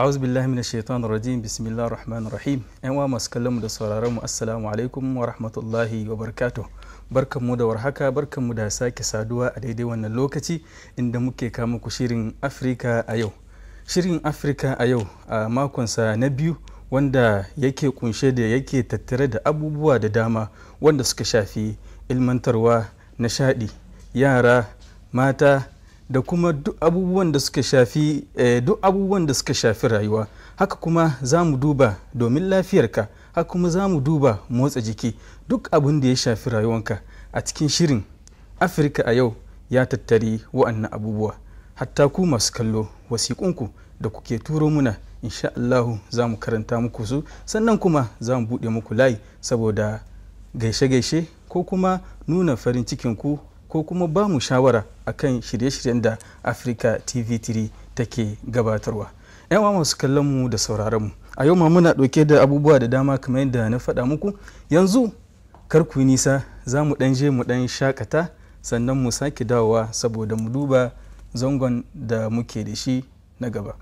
a'udhu billahi minash shaitanir rajim bismillahir rahmanir rahim yan uwa masu kallon mu da sauraron mu assalamu alaikum wa rahmatullahi wa barakatuh mu da warhaka mu da sake saduwa a daidai wannan lokaci inda muke kama ku shirin Afirka a yau shirin Afirka a yau a makonsa na biyu wanda yake kunshe da yake tattare da abubuwa da dama wanda suka shafi ilmantarwa nishaɗi yara mata da kuma duk abubuwan da suka shafi eh, duk abubuwan da suka shafi rayuwa haka kuma za mu duba domin lafiyarka haka kuma za mu duba motsa jiki duk abin da ya shafi rayuwanka a cikin shirin afirka a yau ya tattari wa'annan abubuwa hatta ku masu kallo wasiƙunku da kuke turo muna insha Allahu za mu karanta muku su sannan kuma za mu buɗe muku layi saboda gaishe-gaishe ko kuma nuna farin cikinku ko kuma ba mu shawara kan shirye-shiryen da afirka TV3 take gabatarwa. 'Yan masu kallon mu da sauraron mu. A yau ma muna ɗauke da abubuwa da dama kamar yadda na faɗa muku. Yanzu kar ku nisa za mu ɗan je mu ɗan shakata sannan mu sake dawowa saboda mu duba zangon da muke da shi na gaba.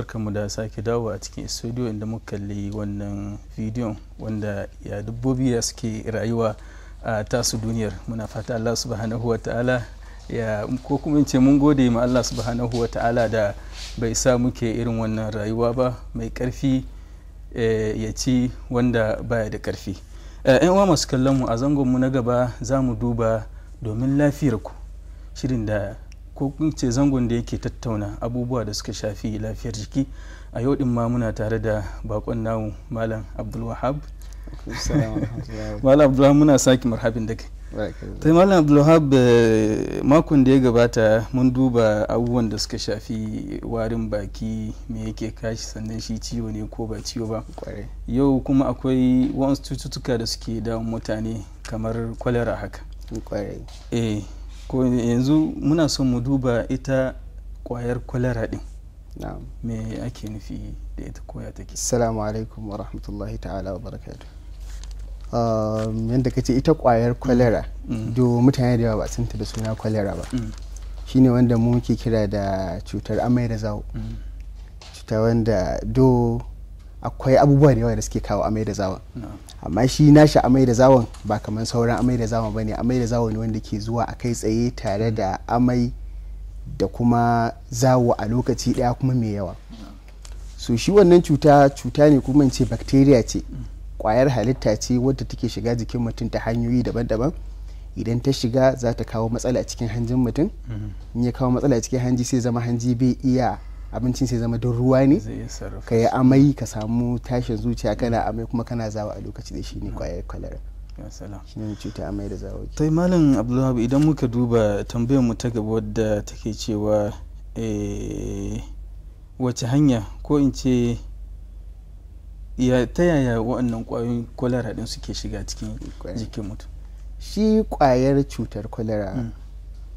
barkanmu da sake dawo a cikin studio inda muka kalli wannan bidiyon wanda ya dubbobi da suke rayuwa a tasu duniyar muna fata allah subhanahu wa ta'ala ya ko kuma ce mun gode ma allah subhanahu wa ta'ala da bai sa muke irin wannan rayuwa ba mai karfi eh, ya ci wanda baya da karfi yan eh, uwa masu kallon mu a zangon mu na gaba za mu duba domin lafiyar ku shirin da ko ce zangon da yake tattauna abubuwa da suka shafi lafiyar jiki a yau din ma muna tare da bakon namu malam abdulwahab malam abdulwahab muna sake marhabin da kai ta malam abdulwahab eh, makon da ya gabata mun duba abubuwan da suka shafi warin baki me yake kashi sannan shi ciwo ne ko ba ciwo ba yau kuma akwai wasu cututtuka da suke damun mutane kamar kwalera haka eh ko yanzu muna son mu duba ita kwayar kwalara din me ake nufi da ita koya take assalamu alaikum wa rahmatullahi ta'ala wa barakatu yadda kace ita kwayar kwalara mm. Mm. do mutane da yawa ba sun da suna kwalara ba mm. shine wanda mu ke kira da cutar amai da zawo cuta wanda do akwai abubuwa da yawa da suke kawo amai da zawo amma shi nashi amai da zawon ba kamar sauran amai da zawon ne amai da zawon wanda ke zuwa a kai tsaye tare da amai da kuma zawo a lokaci daya kuma mai yawa so shi wannan cuta cuta ne kuma ce bacteria ce kwayar halitta ce wadda take shiga jikin mutum ta hanyoyi daban-daban idan ta shiga za ta kawo matsala cikin hanjin mutum mm-hmm. in ya kawo matsala cikin hanji sai zama hanji bai iya abincin sai zama don ruwa ne ka yi amai ka samu tashin zuciya kana amai kuma kana zawa a lokaci da shi ne hmm. kwayar kwalara shi ne cuta amai da ta yi malam abdullahi idan muka duba tambayar mu ta gaba wadda take cewa eh, wace hanya ko in ce ta yaya waɗannan kwayoyin kwalara din suke shiga cikin jikin mutum shi kwayar cutar kwalara hmm.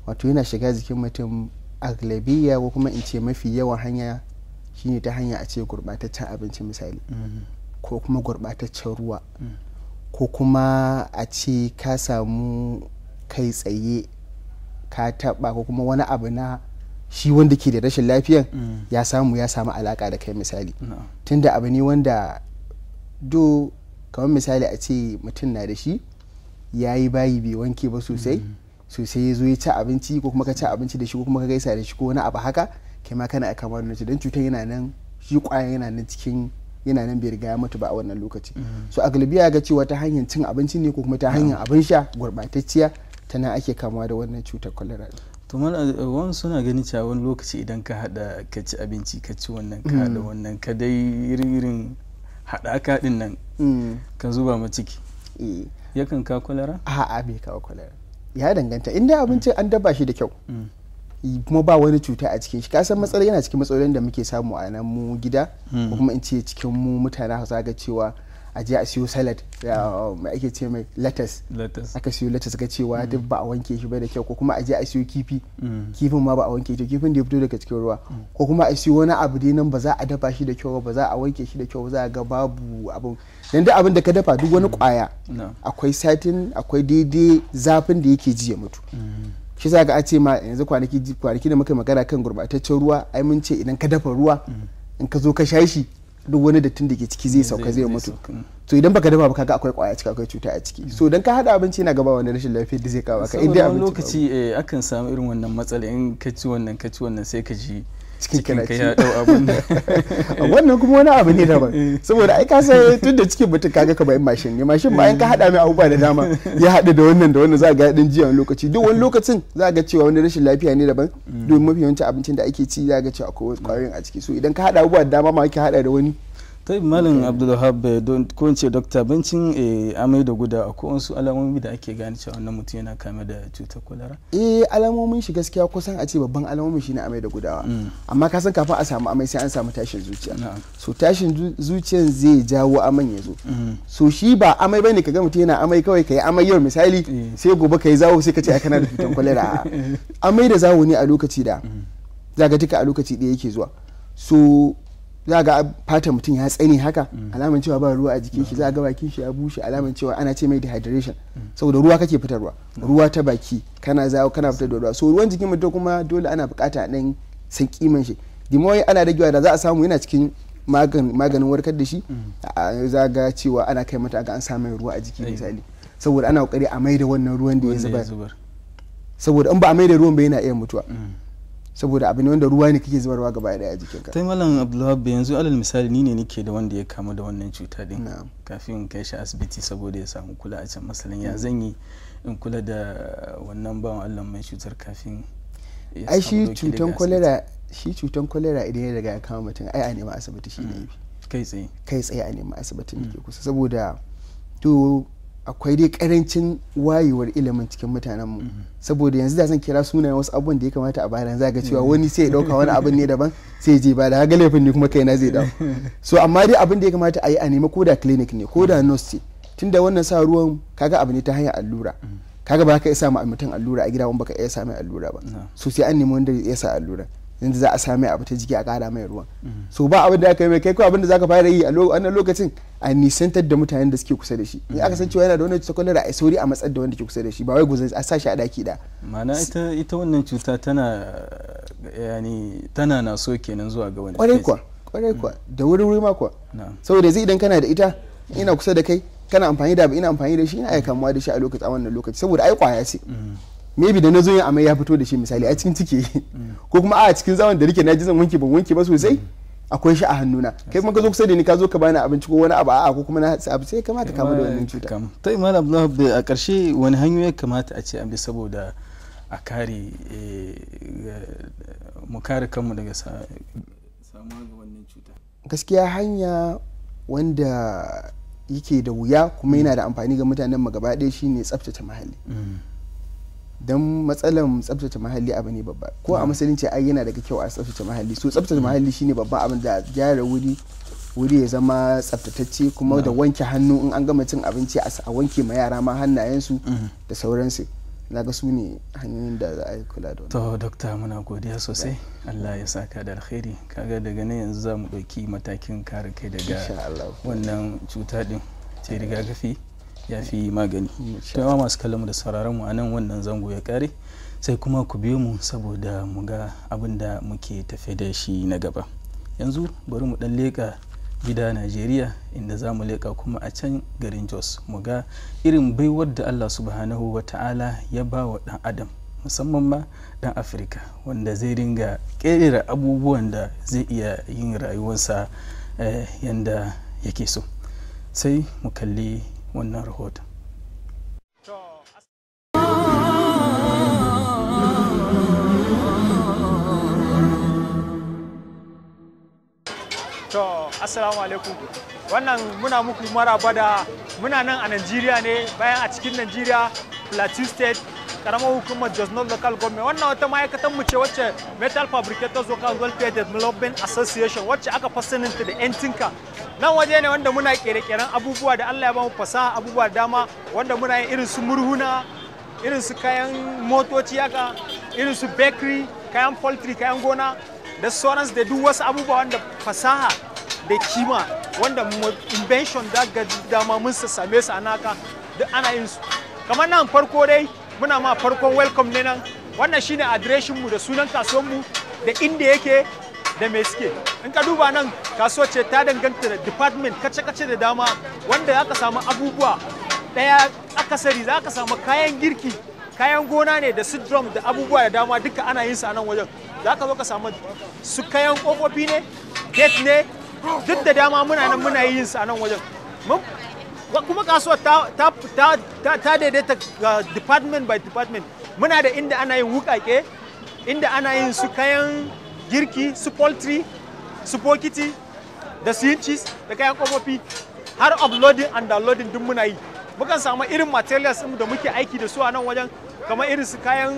wato yana shiga jikin mutum aglabiya ko kuma in ce mafi yawan hanya shine ta hanya a ce gurbataccen abinci misali mm-hmm. ko kuma gurbataccen ruwa mm. ko kuma a ce ka samu kai tsaye ka taɓa ko kuma wani abu na shi wanda ke da rashin lafiyan mm. ya samu ya samu alaka da kai misali tunda abu ne wanda do kamar misali a ce mutum na da shi ya yi bayi bai wanke ba sosai mm. so sai ya zo ya ci abinci ko kuma ka ci abinci da shi ko kuma ka gaisa da shi ko wani abu haka kai ma kana aka wani don cutar yana nan shi kwaya yana nan cikin yana nan bai riga ya mutu ba a wannan lokaci mm-hmm. so a galibiya ga cewa ta hanyar cin abinci ne ko kuma ta hanyar abin sha gurbatacciya tana ake kamuwa da wannan cutar cholera. to eh, wani suna ganin cewa wani lokaci idan ka hada ka ci abinci ka ci wannan ka hada mm. wannan ka dai irin irin hada ka din nan mm. ka zuba ma ciki eh. yakan ka kwalara a'a bai kawo kwalara ya danganta in dai abinci an daba shi da kyau mm. kuma ba wani cuta a cikin shi kasan matsalar yana cikin matsalolin da muke samu a nan mu gida mm. ko kuma in ce cikin mu mutane hausa ga cewa a je a siyo salad mai ake ce mai lettuce aka siyo lettuce ga cewa mm. duk ba a wanke shi ba da kyau ko kuma a je a siyo kifi kifin ma ba a wanke shi kifin da ya fito daga cikin ruwa ko kuma a siyo wani abu dai nan ba za a dafa shi da kyau ba za a wanke shi da kyau za a ga babu abun yanda abin da ka dafa duk wani mm. kwaya akwai satin akwai daidai zafin da yake ji ya mutu mm. shi za ga a ce ma yanzu kwanaki da muka magana kan gurbataccen ruwa ai mun ce idan ka dafa ruwa mm. in ka zo ka sha shi duk wani dattin da ke ciki zai sauka zai mutu to idan baka dafa ba kaga akwai kwaya ciki akwai cuta a ciki so idan ka hada abinci na gaba wani rashin lafiya da zai kawo ka inda abinci lokaci eh, akan samu irin wannan matsala in ka ci wannan ka ci wannan sai ka ji cikin ka ya dau wannan kuma wani abu ne daban eh. saboda ai ka tun da cikin mutum kaga bayan mashin ne mashin bayan ka eh. hada mai abubuwa da dama ya hada da wannan da wannan za ga din jiya wani lokaci duk wani mm. lokacin za ga cewa wani rashin lafiya ne daban mm. domin mafi yawancin abincin da ake ci za ga cewa akwai kwayoyin a ciki so idan ka hada abubuwa da dama ma ake hada da wani ta malin abdulhab eh, ko kowace ce dokta bancin eh, amai da guda ko wasu alamomi da ake gani cewa wannan mutum yana kame da cutar kwalara eh alamomin shi gaskiya kusan a ce babban alamomin shi ne amai da gudawa mm. amma ka san kafin a samu amai sai an samu tashin zuciya so tashin zuciyan zai jawo aman ya zo mm. so shi ba amai bane kaga mutum yana amai kawai kai amai yau misali eh. sai gobe kai zawo sai ka ce kana da cutar kwalara amai da zawo ne a lokaci da mm. zagatika a lokaci ɗaya yake zuwa so za ga fata mutum ya tsani haka mm. alaman cewa ba ruwa a jikin shi za ga mm. bakin shi ya bushe alaman cewa ana ce mai dehydration saboda ruwa kake fitarwa mm. ruwa ta baki kana zawo kana fitar da ruwa so ruwan jikin mutum kuma dole ana bukata dan san kiman shi dimoyi ana ragewa da za a samu yana cikin maganin warkar da shi za ga cewa ana kai mata ga an samu ruwa a jiki misali saboda ana kokari a mai da wannan ruwan da ya zubar saboda in ba a mai da ruwan ba yana iya mutuwa saboda abu ne wanda ruwa ne kake zubarwa gaba da a jikinka ta malam abdullahi yanzu alal misali ni ne nake da wanda ya kamu da wannan cuta din kafin kai shi asibiti saboda ya samu kula a can masalan ya zan yi in kula da wannan bawan allah mai cutar kafin ai shi cutan kwalera shi cutan kwalera idan ya daga ya kama mutum ai a nema asibiti shi ne mm. kai tsaye kai tsaye a nema asibiti. ke mm. kusa saboda to akwai dai karancin wayewar ilimin cikin mutanen mu mhm. saboda yanzu da zan kira sunayen wasu abubuwan da ya kamata a bayan za ga cewa mhm. wani sai ya dauka wani abin ne daban sai je ba da haga laifin ne kuma kai na zai dawo so amma dai abin da ya kamata a yi a nemi koda clinic ne koda mhm. nurse tunda wannan sa ruwan kaga abu ne ta hanyar allura kaga ba ka isa ma mutum allura a gida wani baka iya sa mai allura ba so sai an nemi wanda ya sa allura yanzu za a sami abu ta jiki a kara mai ruwan mm. so ba abin da aka yi mai kai ko abin da za ka fara yi a wannan lokacin a nisantar da mutanen da suke kusa da shi ya aka san mm. cewa yana da wani cuta kwalara a sauri a matsar da wanda ke kusa da shi ba wai guzai a sa shi a daki da ma'ana ita ita wannan cuta tana yani tana na so kenan zuwa ga wani kwarai kuwa kwarai kuwa mm. da wuri wuri ma kuwa saboda zai idan kana da ita ina kusa da kai kana amfani da ina amfani da shi ina aika kamuwa da shi a lokaci a wannan lokacin saboda ai kwaya ce maybe da nazo yin amai ya fito da shi misali a cikin ciki ko kuma a cikin zaman da rike na ji zan wanke ban wanke ba sosai akwai shi a hannuna kai kuma ka zo kusa da ni ka zo ka bani abinci ko wani abu a'a ko kuma na abu sai kamata kamu da wannan cuta to imam abdullahi a karshe wani hanyoyi kamata a ce an bi saboda a kare eh, mu kare kanmu daga samuwa ga wannan cuta gaskiya hanya wanda yake da wuya kuma yana da amfani ga mutanen mu gaba ɗaya shine tsaftace muhalli mm. don matsalar tsabtace muhalli abu ne babba ko a mm. musulunci ai yana daga kyau a tsabtace muhalli so tsabtace mm. muhalli shine babba abin da gyara wuri wuri ya zama tsaftatacce kuma da mm. wanke hannu in an gama cin abinci a wanke ma yara ma hannayensu da sauransu na ga su ne hanyoyin da za a yi kula da to dokta muna godiya sosai allah ya saka da alkhairi kaga daga nan yanzu za mu ɗauki matakin kare kai daga wannan cuta din ce rigakafi ya fi magani yawa masu kallon da sauraron mu a nan wannan zango ya kare sai kuma ku biyo mu saboda mu ga abin da muke tafe da shi na gaba yanzu bari mu dan leƙa gida najeriya inda za mu leƙa kuma a can garin jos mu ga irin baiwar da allah subhanahu wa ta'ala ya ba wa dan adam musamman ma dan afirka wanda zai ringa ƙera abubuwan da zai iya yin rayuwarsa eh, yanda yake so sai mu kalli wannan rahoton To, Assalamu alaikum. Wannan muna muku maraba da muna nan a Najeriya ne bayan a cikin Najeriya Plateau State karamar hukumar Jos Local Government wannan wata ma'aikatan mu ce wacce Metal Fabricators Local Welfare Development Association wacce aka fasanin ta da 'yan nan waje ne wanda muna kere-keren abubuwa da Allah ya bamu fasaha abubuwa dama wanda muna yin irin su murhuna irin su kayan motoci haka irin su bakery kayan poultry kayan gona da sauran da duk wasu abubuwa wanda fasaha da kima wanda invention da dama mun same su a naka duk ana yin su kamar nan farko dai muna ma farkon welcome ne nan wannan shine adireshin mu da sunan kasuwan mu da inda yake da me suke in ka duba nan kasuwa ce ta danganta da department kace-kace da dama wanda aka samu abubuwa daya akasari za ka samu kayan girki kayan gona ne da su drum da abubuwa da dama duka ana yin su a nan wajen za ka zo ka samu su kayan kofofi ne gate ne duk da dama muna nan muna yin su a nan wajen kuma kasuwar ta daidaita department by department muna da inda ana yin wukake inda ana yin su kayan girki su poultry su pokiti da su cheese da kayan kofofi har uploading and downloading duk muna yi mukan samu irin materials da muke aiki da su a nan wajen kamar irin su kayan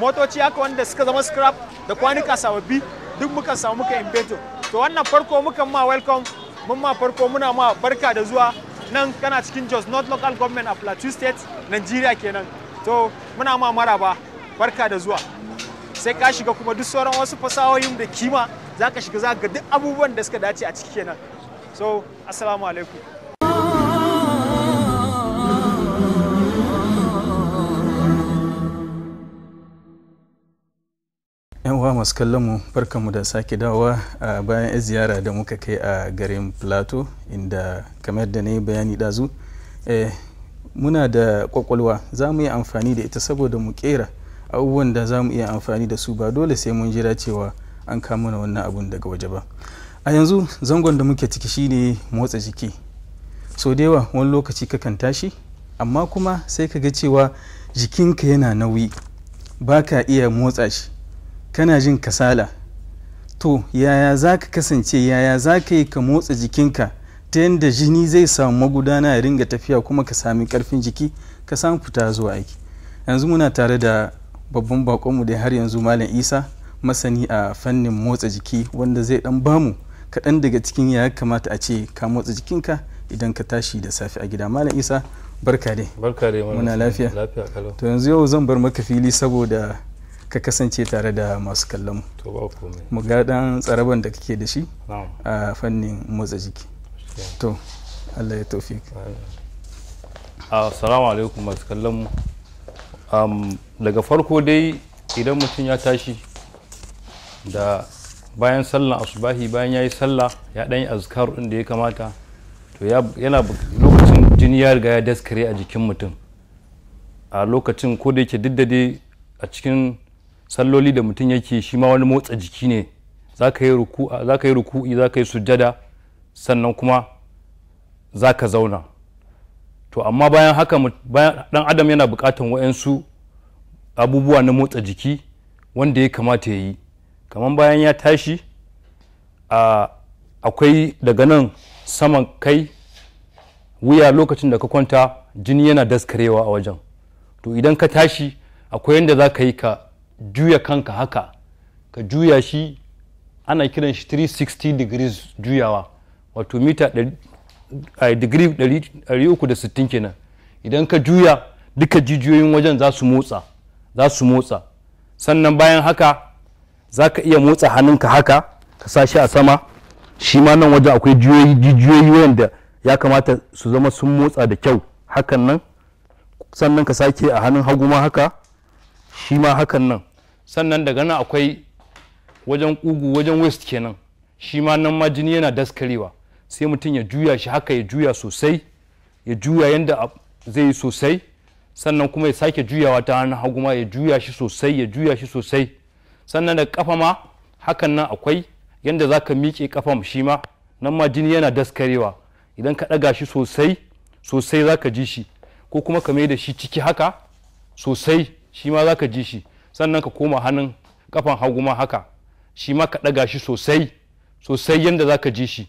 motoci haka wanda suka zama scrap da kwanuka sababbi duk muka samu muka imbeto to wannan farko mukan ma welcome mun ma farko muna ma barka da zuwa nan kana cikin Jos North Local Government of Plateau State, Nigeria kenan. To muna ma maraba, barka da zuwa. Sai ka shiga kuma duk sauran wasu fasahohin da kima za ka shiga za ga duk abubuwan da suka dace a ciki kenan. So, assalamu alaikum. yan uwa masu kallon mu da sake dawo a bayan ya ziyara da muka kai a garin plateau inda kamar da na yi bayani dazu eh, muna da kwakwalwa za mu yi amfani da ita saboda mu kera abubuwan da za mu iya amfani da su ba dole sai mun jira cewa an kama na wannan abun daga waje ba a yanzu zangon da muke ciki shine motsa jiki so da yawa wani lokaci kakan tashi amma kuma sai ka ga cewa jikinka yana nauyi ba ka iya motsa shi kana jin kasala to yaya za ka kasance yaya za ka yi ka motsa jikinka ta yadda jini zai samu magudana ya ringa tafiya kuma ka sami karfin jiki ka samu fita zuwa aiki yanzu muna tare da babban bakonmu da har yanzu malam isa masani a fannin motsa jiki wanda zai dan bamu kaɗan daga cikin ya kamata a ce ka motsa jikinka idan ka tashi da safe a gida malam isa barka barka dai muna lafiya to yanzu yau zan bar maka fili saboda ka kasance tare da masu kallon mu ga dan tsaraban da kake da shi a fannin motsa jiki to allah ya taufik assalamu alaikum masu kallon mu daga farko dai idan mutum ya tashi da bayan sallah asubahi bayan ya yi sallah ya ɗan yi azkar inda ya kamata to yana lokacin jini ya riga ya daskare a jikin mutum a lokacin ko da yake duk da dai a cikin salloli da mutum yake shi ma wani motsa jiki ne za ka yi ruku'i za ka yi sujjada sannan kuma za ka zauna to amma bayan haka dan adam yana bukatan wa'yansu abubuwa na motsa jiki wanda ya kamata ya yi kamar bayan ya tashi akwai daga nan saman kai wuya lokacin da ka kwanta jini yana daskarewa a wajen to idan ka tashi akwai yadda za ka yi ka juya kanka haka ka juya shi ana kiran shi 360 degrees juyawa wato mita degree 360 kenan idan ka juya duka jijiyoyin wajen za su motsa za su motsa sannan bayan haka za ka iya motsa hannunka haka ka sa shi a sama shi ma nan wajen akwai jijiyoyi wanda ya kamata su zama sun motsa da kyau hakan nan sannan ka sake a hannun hagu ma haka shi ma hakan nan sannan daga nan akwai wajen ƙugu wajen west kenan shi ma nan ma jini yana daskarewa sai mutum ya juya shi haka ya juya sosai ya juya yadda zai yi sosai sannan kuma ya sake juyawa ta hannun hagu ma ya juya shi sosai ya juya shi sosai sannan da kafa ma hakan nan akwai yadda za ka miƙe kafa shi ma nan ma jini yana daskarewa idan ka ɗaga shi sosai sosai za ka ji shi ko kuma ka mai da shi ciki haka sosai shi ma ka ji shi sannan ka koma hannun kafan hagu ma haka shi ma ka ɗaga shi sosai sosai yadda ka ji shi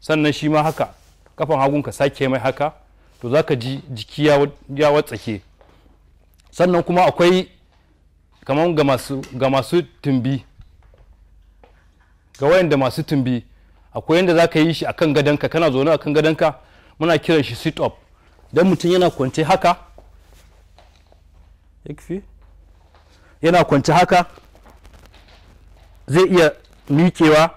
sannan shi ma haka kafan hagun ka sake mai haka to za ka ji jiki ya watsake sannan kuma akwai kamar ga masu tumbi ga wayanda masu tumbi akwai yadda za ka yi shi akan gadonka kana zaune akan gadonka muna kiran shi sit up don mutum yana kwance haka ikfi yana kwanci haka zai iya miƙewa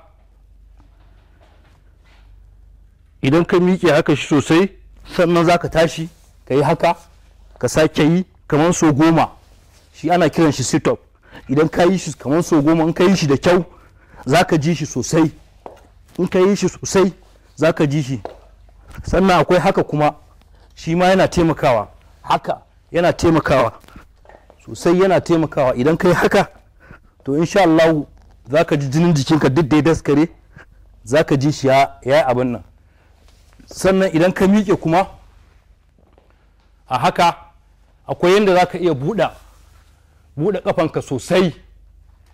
idan ka miƙe haka shi sosai sannan za ka tashi ka yi haka ka sake yi kamar so goma shi ana kiran shi sit-up idan ka yi shi kamar so goma in ka yi shi da kyau za ka ji shi sosai in ka yi shi sosai za ka ji shi sannan akwai haka kuma shi ma yana taimakawa haka yana taimakawa sosai yana taimakawa idan kai haka to insha Allah za ka ji jinin jikinka duk da ya daskare za ka ji shi ya yi abin nan sannan idan ka miƙe kuma a haka akwai yadda za ka iya buɗa buɗe ƙafanka sosai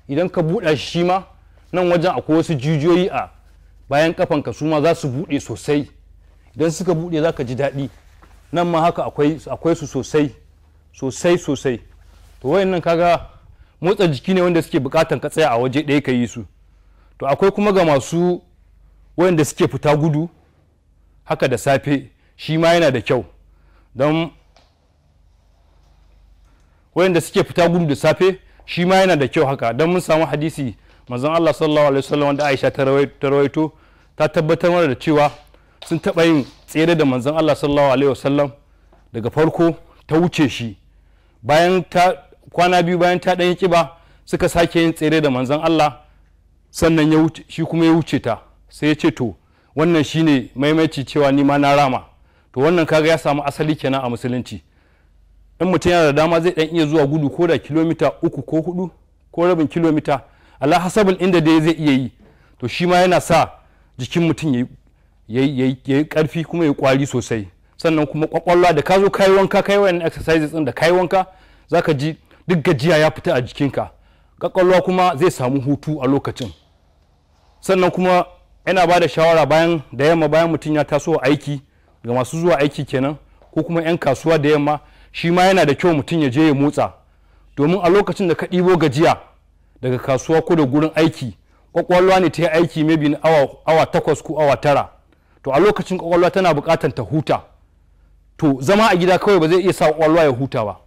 idan ka buɗa shi ma nan wajen akwai wasu jijiyoyi a bayan ƙafanka su ma za su buɗe sosai idan suka buɗe za ka ji daɗi nan ma haka akwai su sosai sosai sosai to wayan nan kaga motsa jiki ne wanda suke bukatan ka tsaya a waje ɗaya ka yi su to akwai kuma ga masu wayanda suke fita gudu haka da safe shi ma yana da kyau don wayanda suke fita gudu da safe shi ma yana da kyau haka don mun samu hadisi manzon Allah sallallahu alaihi wasallam wanda Aisha ta rawaito ta tabbatar mana da cewa sun taɓa yin tsere da manzon Allah sallallahu alaihi wasallam daga farko ta wuce shi bayan ta kwana biyu bayan ta ɗan kiba suka sake yin tsere da manzon Allah sannan ya shi kuma ya wuce ta sai ya ce to wannan shi ne maimaici cewa ni ma na rama to wannan kaga ya samu asali kenan a musulunci in mutum yana da dama zai dan iya zuwa gudu ko da kilomita uku ko hudu ko rabin kilomita ala hasabin inda dai zai iya yi to shi ma yana sa jikin mutum ya yi karfi kuma ya kwari sosai sannan kuma kwakwalwa da ka zo kayi wanka kayi wani exercises din da kayi wanka zaka ji duk gajiya ya fita a jikinka ƙwaƙwalwa kuma zai samu hutu a lokacin sannan kuma yana ba da shawara bayan da yamma bayan mutum ya taso aiki ga masu zuwa aiki kenan ko kuma 'yan kasuwa da yamma shi ma yana da kyau mutum ya je ya motsa domin a lokacin da ka ɗibo gajiya daga kasuwa ko da gurin aiki ƙwaƙwalwa ne ta yi aiki maybe na awa, takwas ko awa tara to a lokacin kwakwalwa tana buƙatar ta huta to zama a gida kawai ba zai iya sa kwakwalwa ya huta ba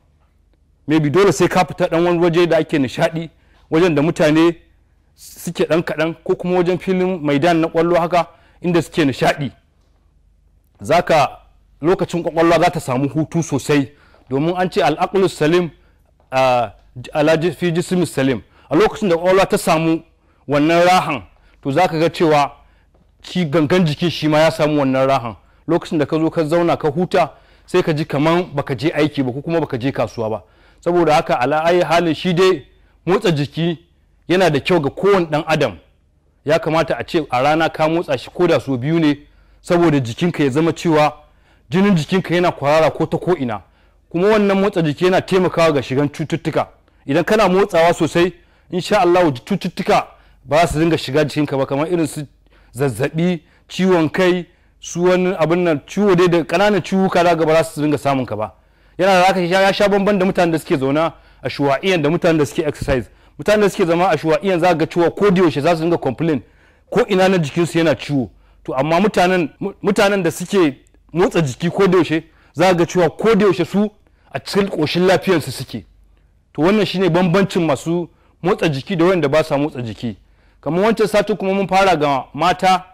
maybe dole sai ka fita dan wani waje da ake nishadi wajen da mutane suke dan kaɗan ko kuma wajen filin maidan na kwallo haka inda suke nishadi zaka lokacin kwakwalwa za ta samu hutu sosai domin an ce al'aqlu salim ala fi salim a lokacin da kwakwalwa ta samu wannan rahan to zaka ga cewa ci gangan jiki shi ma ya samu wannan rahan lokacin da ka zo ka zauna ka huta sai ka ji kaman baka je aiki ba ko kuma baka je kasuwa ba saboda haka ala ayi halin shi dai motsa jiki yana da kyau ga kowane dan adam ya kamata a ce a rana ka motsa shi ko da so biyu ne saboda jikinka ya zama cewa jinin jikinka yana kwarara ko ta ko ina kuma wannan motsa jiki yana taimakawa ga shigan cututtuka idan kana motsawa sosai insha Allah cututtuka ba su dinga shiga jikinka ba kamar irin su zazzabi ciwon kai su wani abin nan ciwo dai da ƙananan ciwuka da ba za su dinga samun ka ba yana da zaka ya sha bamban da mutanen da suke zauna a shuwa'iyan da mutanen da suke exercise mutanen da suke zama a shuwa'iyan za ga cewa ko da yaushe za su dinga complain ko ina na jikinsu yana ciwo to amma mutanen mutanen da suke motsa jiki ko da yaushe za ga cewa ko da yaushe su a cikin koshin lafiyar su suke to wannan shine bambancin masu motsa jiki da wanda ba sa motsa jiki kamar wancan satin kuma mun fara ga mata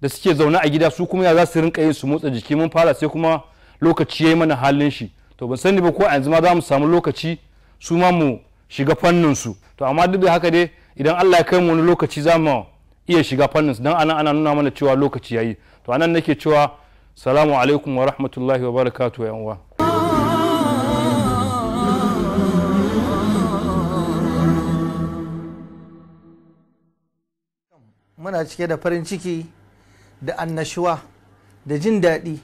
da suke zauna a gida su kuma ya za su rinka yin su motsa jiki mun fara sai kuma lokaci ya yi mana halin shi to ban sani ba ko yanzu ma za mu samu lokaci su ma mu shiga fannin su to amma duk da haka dai idan Allah ya kai mu wani lokaci za mu iya shiga fannin su dan anan ana nuna mana cewa lokaci yayi to anan nake cewa salamu alaikum wa rahmatullahi wa barakatuh yan uwa muna cike da farin ciki da annashuwa da jin daɗi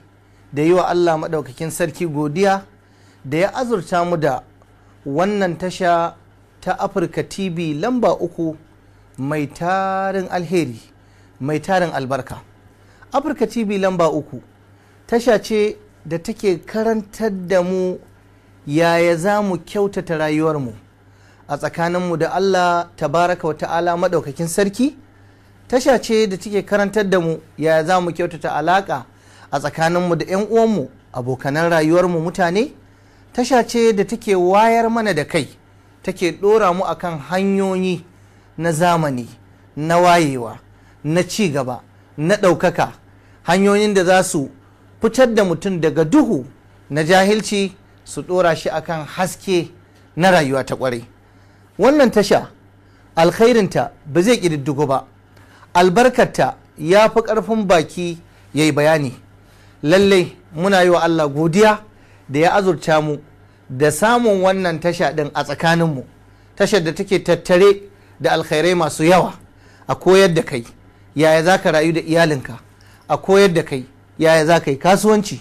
da yi wa Allah maɗaukakin sarki godiya da ya azurta mu da wannan tasha ta afirka tv lamba uku mai tarin alheri mai tarin albarka afirka tv lamba uku tasha ce da take karantar da mu yaya za mu kyautata rayuwarmu a tsakaninmu da allah tabaraka wa ta'ala maɗaukakin sarki tasha ce da take karantar da mu yaya za mu kyautata alaƙa a tsakaninmu da 'yan uwanmu abokanan rayuwarmu mutane tasha ce da take wayar mana da kai take ɗora mu akan hanyoyi na zamani na wayewa na ci gaba na ɗaukaka hanyoyin da za su fitar da mutum daga duhu na jahilci su ɗora shi akan haske na rayuwa ta ƙwarai wannan tasha alkhairinta ba zai ƙididdigo ba albarkarta ya fi ƙarfin baki ya yi bayani lallai muna yi wa allah godiya da ya azurta mu da samun wannan tasha ɗin a tsakaninmu tashar da take tattare da alkhairai masu yawa a koyar da kai yaya za ka rayu da iyalinka a koyar da kai yaya za ka yi kasuwanci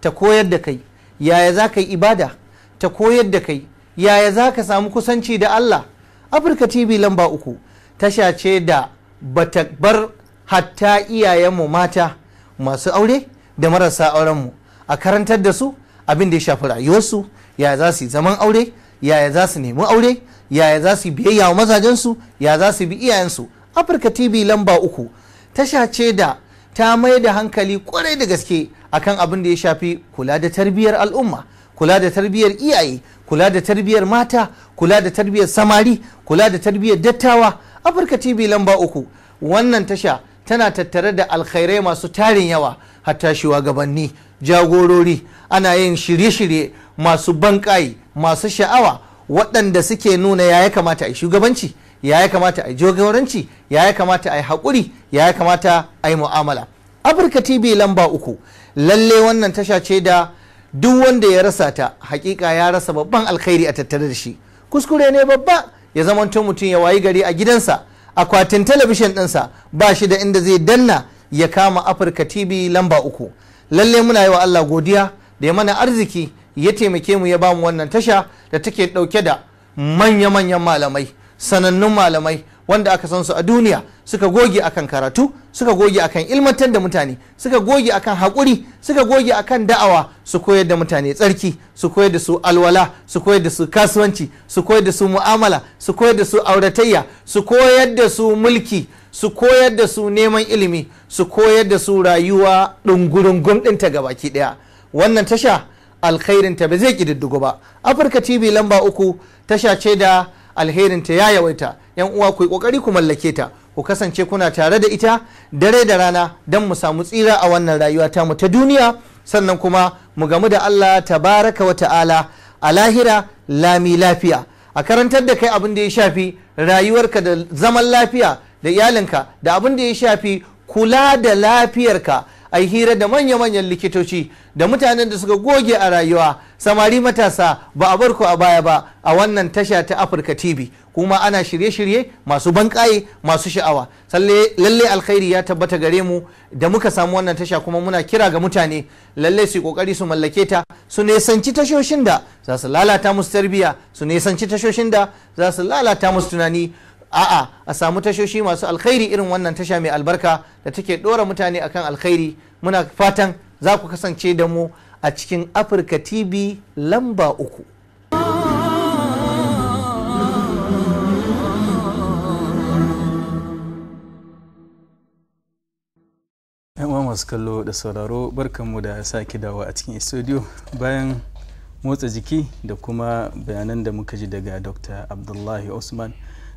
ta koyar da kai yaya za ka yi ibada ta koyar da kai yaya za ka samu kusanci da Allah Afirka TV lamba uku tasha ce da bata bar hatta iyayenmu mata masu aure da marasa aurenmu a karantar da su abin da ya shafi rayuwarsu yaya za su yi zaman aure yaya za su nemi aure yaya za su biyayya wa mazajensu ya za su bi iyayensu afirka tv lamba uku tasha ce da ta mai da hankali kwarai da gaske akan abin da ya shafi kula da tarbiyyar al'umma kula da tarbiyyar iyaye kula da tarbiyyar mata kula da tarbiyyar samari kula da tarbiyyar dattawa afirka tv lamba uku wannan tasha tana tattare da alkhairai masu tarin yawa hatta shugabanni jagorori ana yin shirye-shirye masu banƙayi masu sha'awa waɗanda suke nuna ya kamata a yi shugabanci ya kamata a yi jagoranci ya kamata a yi haƙuri ya ya kamata a yi mu'amala afirka tv lamba uku lalle wannan tasha ce da duk wanda ya rasa ta hakika ya rasa babban alkhairi a tattare da shi kuskure ne babba ya zamanto mutum ya wayi gari a gidansa akwatin talabishin ɗinsa ba shi da inda zai danna ya kama afirka tv lamba uku lalle muna yi wa allah godiya da ya mana arziki ya taimake mu ya bamu wannan tasha da take ɗauke da manya-manyan malamai sanannun malamai wanda aka san su a duniya suka goge akan karatu suka goge akan ilmantar da mutane suka goge akan hakuri, suka goge akan da'awa su koyar da mutane tsarki su koyar da su alwala su koyar da su kasuwanci su koyar da su mu'amala su koyar da su auratayya su koyar da su mulki su koyar da su neman ilimi su koyar da su rayuwa ɗungurungun ɗinta gabaki ɗaya wannan tasha alkhairin ta ba zai ƙididdigo ba afirka tv lamba uku tasha ce da alherin ta ya yawaita yan uwa ku yi kokari ku mallake ta ku kasance kuna tare da ita dare da rana don mu samu tsira a wannan rayuwa ta mu ta duniya sannan kuma mu gamu da Allah tabaraka wa ta'ala a lahira lami lafiya a karantar da kai abin da ya shafi rayuwarka da zaman lafiya da iyalinka da abin da ya shafi kula da lafiyarka a yi hira da manya-manyan likitoci da mutanen da suka goge a rayuwa samari matasa ba a barku a baya ba a wannan tasha ta afirka tv kuma ana shirye-shirye masu banƙaye masu sha'awa lalle alkhairi ya tabbata gare mu da muka samu wannan tasha kuma muna kira ga mutane lalle su yi kokari su mallake ta su nesanci tashoshin da za su lalata musu tarbiyya su nesanci tashoshin da za su lalata musu tunani a'a a samu tashoshi masu alkhairi irin wannan tasha mai albarka da take dora mutane akan alkhairi muna fatan za ku kasance da mu a cikin afirka tv lamba uku uwa masu kallo da sauraro barkanmu da sake dawa a cikin studio bayan motsa jiki da kuma bayanan da muka ji daga dr abdullahi usman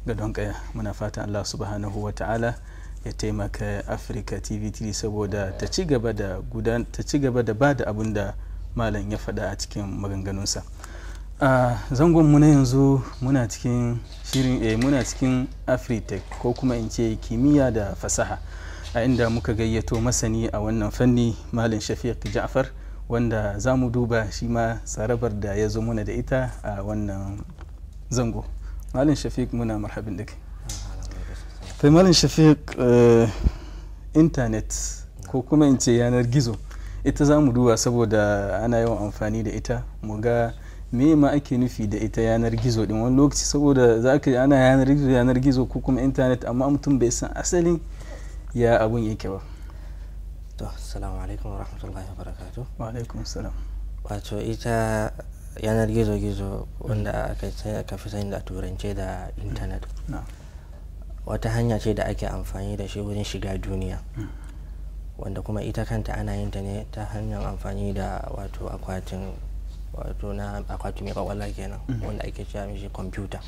ga donka muna fata allah subhanahu wa ta'ala ya taimaka africa tv saboda ta ci gaba da gudan da bada abin da malam ya faɗa a cikin maganganunsa a zangon mu na yanzu muna cikin shirin eh, muna cikin afritech ko kuma in ce kimiyya da fasaha a inda muka gayyato masani a wannan fanni malam shafiq ja'far wanda za mu duba shi ma tsarabar da ya zo muna da ita a wannan zango malin shafiq muna marhabin da kai sai malin shafiq eh, intanet ko kuma in ce yanar gizo ita za mu duba saboda ana yawan amfani da ita mu ga me ma ake nufi da ita yanar gizo din wani lokaci saboda za ka ana yanar gizo yanar gizo ko kuma intanet amma mutum bai san asalin ya abun yake ba to assalamu alaikum wa rahmatullahi wa barakatuh wa alaikum salam wato ita yanar gizo-gizo wanda aka fi sani da turance da intanet wata hanya ce da ake amfani da shi wurin shiga duniya hmm. wanda kuma ita kanta ana yin ta ne ta hanyar amfani da wato akwatin wato na akwatin mai kwakwalwa kenan hmm. wanda ake cewa mishi kwamfuta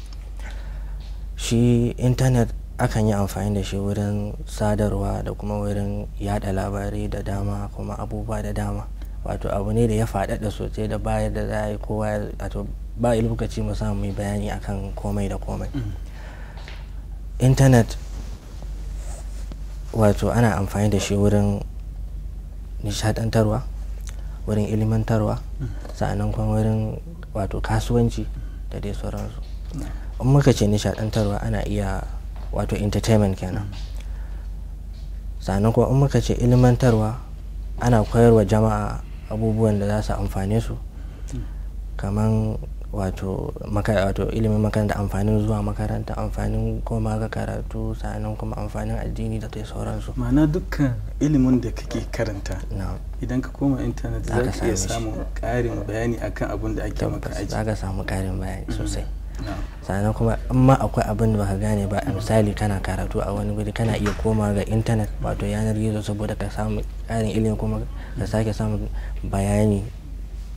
shi intanet akan yi amfani da shi wurin sadarwa da kuma wurin yada labarai da dama kuma abubuwa da dama wato abu ne da ya faɗaɗa sosai da baya da za a yi kowa wato ba lokaci mu samu mai bayani akan komai da komai mm. intanet wato ana amfani da shi wurin nishadantarwa wurin ilimantarwa mm. sa'anan kuma wurin wato kasuwanci da dai sauransu mm. in muka ce nishadantarwa ana iya wato entertainment kenan sa'anan kuma in muka ce ilimantarwa ana koyarwa jama'a abubuwan da za su amfane su kamar wato wato ilimin makaranta amfanin zuwa makaranta amfanin koma ga karatu sannan kuma amfanin addini da yi sauransu mana dukkan ilimin da kake karanta idan ka koma intanet za ka iya samun karin bayani akan abin da ake maka aji za ka samu karin bayani sosai sannan kuma in ma akwai abin da baka gane ba misali kana karatu a wani guri kana iya koma ga intanet wato yanar gizo saboda ka samu karin ilimi kuma ka sake samun bayani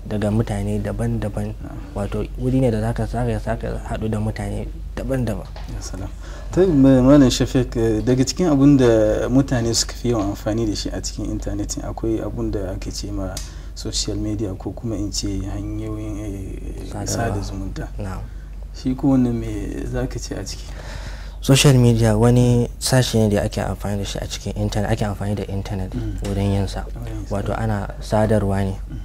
daga mutane daban-daban wato wuri ne da zaka ka sake haɗu da mutane daban-daban ta malam shafik daga cikin abun da mutane suka fi yawan amfani da shi a cikin intanet akwai abun da ake ce ma social media ko kuma in ce hanyoyin eh, sada zumunta shi kowane me za ka ce a ciki social media wani sashi ne da ake amfani da shi a cikin intanet ake amfani da intanet mm. wurin yinsa wato ana sadarwa ne mm.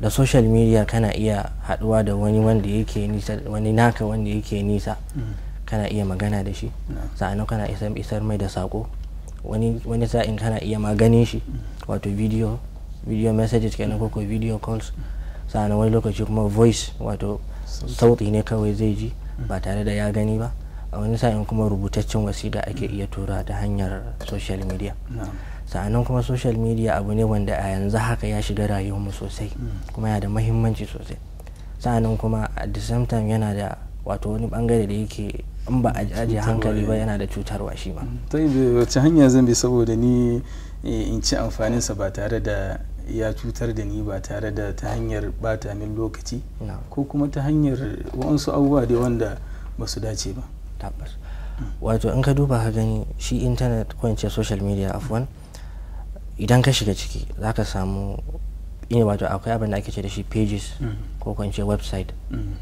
da social media kana iya haduwa da wani wanda yake nisa wani naka wanda yake nisa mm. kana iya magana da shi sa'annan kana isar mai da sako wani sa'in kana iya maganin shi wato video video messages kenan ko video calls sa'annan wani lokaci kuma voice wato sauti ne kawai zai ji ba tare da ya gani ba a wani sa'in kuma rubutaccen wasiƙa ake iya tura ta hanyar social media sa'anin kuma social media abu ne wanda a yanzu haka ya shiga rayuwarmu sosai hmm. kuma yana da mahimmanci sosai sa'anin kuma at the same time yana da wato wani bangare da yake in ba a hmm, ajiye hankali ba yana da cutarwa shi ba. Hmm, ta wace hanya zan bi saboda ni eh, in ci amfanin sa ba tare da ya cutar da ni ba tare da ta hanyar bata min lokaci ko kuma ta hanyar wansu abubuwa dai wanda ba su dace ba tabbas wato in ka duba ka gani shi intanet ko in ce social media afwan idan ka shiga ciki za ka samu ina wato akwai abin da ake ce da shi pages mm. ko ko in ce website mm.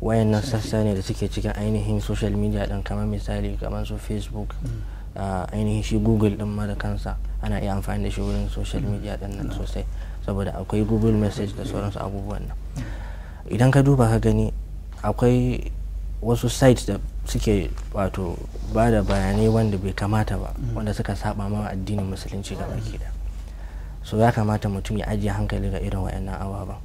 wayannan sassa ne da suke cikin ainihin social media din kamar misali kamar su facebook mm. ah, ainihin shi google din ma da kansa ana iya amfani da shi wurin social media din nan sosai saboda akwai google message da sauransu abubuwan nan idan ka duba ka gani akwai wasu sites da suke wato ba da bayanai wanda bai kamata ba wanda suka saba ma addinin musulunci gaba da so ya kamata mutum ya ajiye hankali ga irin wayannan ababen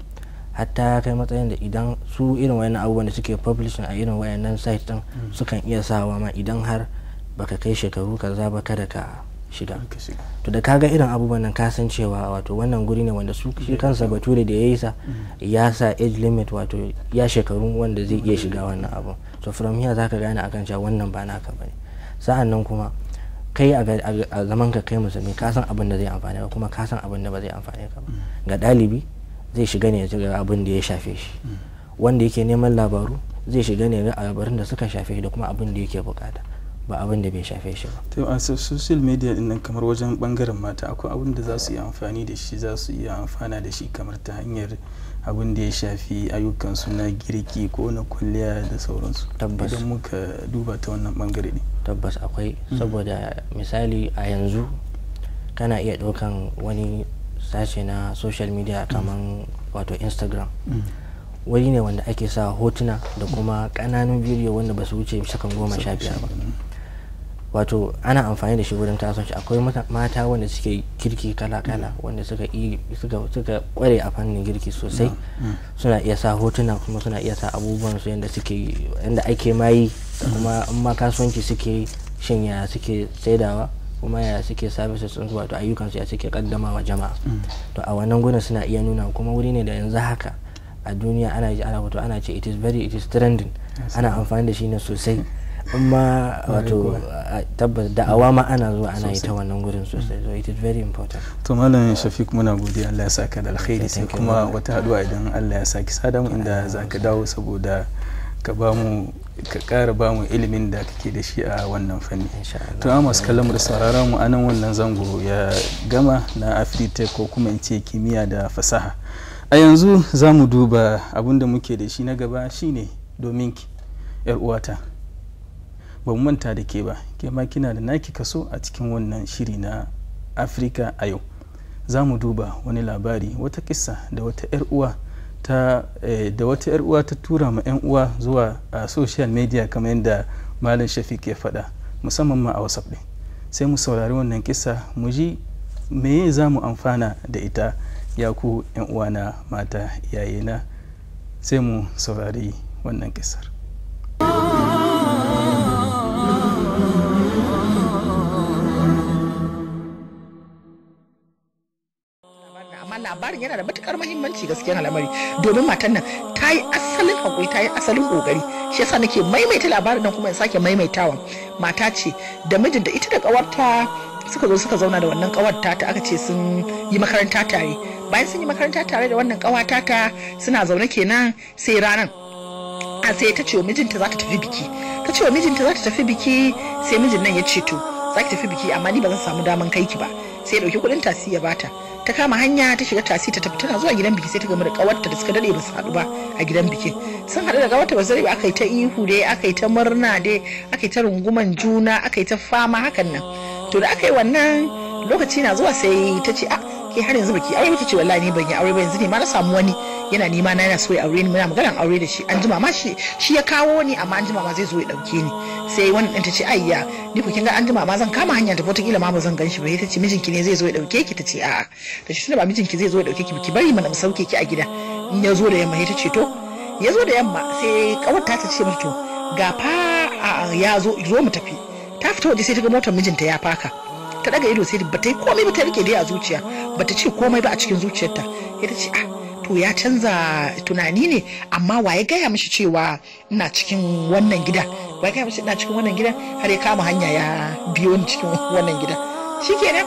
hatta ya kai matsayin da idan su irin wayannan abubuwan da suke publishing a irin wayannan site din mm. sukan iya sawa ma idan har baka kai shekaru kaza ba kada ka shiga to da kaga irin abubuwan nan kasan cewa wato wannan guri ne wanda su shi kansa bature da ya yi sa mm. ya sa age limit wato ya shekarun wanda zai iya mm. shiga wannan abu so from here zaka gane akan cewa wannan ba naka bane sa'an kuma kai a zaman ka kai musulmi ka san abin da zai amfane ka kuma ka san abin da ba zai amfane ka ba mm. ga dalibi zai shiga ne ga abin da ya shafe shi wanda yake neman labaru zai shiga ne ga labarin da suka shafe shi da kuma abin da yake bukata ba abin da bai shafe shi ba to a social media din nan kamar wajen bangaren mata akwai abin da za su yi amfani da shi za su iya amfana da shi kamar ta hanyar abin da ya shafi ayyukan su na girki ko na kwalliya da sauransu tabbas idan muka duba ta wannan bangare ne tabbas akwai mm. saboda misali a yanzu kana iya ɗaukan wani sashe na social media mm. kamar wato instagram mm. wuri ne wanda ake sa hotuna da kuma ƙananan bidiyo wanda ba su wuce shakan goma sha biyar ba wato ana amfani da shi wurin tasonci akwai mata wanda suke girki kala-kala wanda suka kware a fannin girki sosai mm, mm. suna iya sa hotuna kuma suna iya sa abubuwan su yadda ake mayi mm. kuma in kasuwanci suke shin ya suke saidawa kuma ya suke services sun wato ayyukan su ya suke kaddama jama'a to a wannan gurin suna iya nuna kuma wuri ne da yanzu haka a duniya ana ana wato ana ce it is very it is trending ana amfani da shi ne sosai amma wato tabbas da awama ana zuwa ana yi ta wannan gurin sosai so it is very important to malam shafiq muna godiya Allah ya saka da alkhairi sai kuma wata haduwa idan Allah ya saki sada mu inda ah, zaka dawo saboda ka ba mu ka ƙara ba mu ilimin da kake da shi a wannan fanni to a su kallon da sauraron mu anan wannan zango ya gama na afritech ko kuma in ce kimiyya da fasaha a yanzu za mu duba abin da muke da shi na gaba shine domin ki uwata ba manta da ke ba ke ma kina da naki kaso a cikin wannan shiri na afirka a yau za mu duba wani labari wata kisa da wata 'yar uwa ta eh, da wata 'yar uwa ta tura ma 'yan uwa zuwa a social media kamar yadda malam shafiq ya faɗa musamman ma a whatsapp ɗin sai mu saurari wannan kisa mu ji meye za mu amfana da ita ya ku 'yan uwana mata na sai mu saurari wannan kisar yana da matukar gaskiya na lamari. domin matan nan ta yi asalin hakuri ta yi asalin kokari shi yasa nake maimaita labarin nan kuma in sake maimaitawa mata ce da mijin da ita da kawarta suka zo suka zauna da wannan kawar ta aka ce sun yi makaranta tare bayan sun yi makaranta tare da wannan kawa ta suna zaune kenan sai ranar a sai ta ce wa mijinta za ta tafi biki ta ce wa mijinta za ta tafi biki sai mijin nan ya ce to za ki tafi biki amma ni ba zan samu daman kai ki ba sai ya ɗauki kuɗin tasi ya bata ta kama hanya ta shiga tasi ta tafi tana zuwa gidan biki sai ta gamu da kawarta da suka dade ba su haɗu ba a gidan bikin sun haɗu da kawarta ba su ba aka yi ta ihu dai aka yi ta murna dai aka yi ta runguman juna aka yi ta fama hakan nan to da aka yi wannan lokaci na zuwa sai ta ce a ah, ke har yanzu baki aure ce wallahi ni ban yi aure ba yanzu ne ma na samu wani yana nema na yana so ya aure ni muna maganar aure da shi an jima ma shi shi ya kawo ni amma an jima ma zai zo ya dauke ni sai wani ɗan ta ce ayya ni ku kinga an jima ma zan kama hanya ta wata kila ma ba zan ganshi ba? ba ta ce mijinki ne zai zo ya dauke ki ta ce a'a ta ce tunda ba mijinki zai zo ya dauke ki ki bari mana mu sauke ki a gida in ya zo da yamma ta ce to ya zo da yamma sai kawar ta ce mata to ga fa ya zo zo mu tafi ta fita waje sai ta ga motar mijinta ya faka ta daga ido sai ba ta yi komai ba ta rike dai a zuciya ba ta ce komai ba a cikin zuciyarta ita ce ah to ya canza tunani ne amma wa ya gaya mishi cewa ina cikin wannan gida wa ya gaya mishi ina cikin wannan gida har ya kama hanya ya biyo ni cikin wannan gida shikenan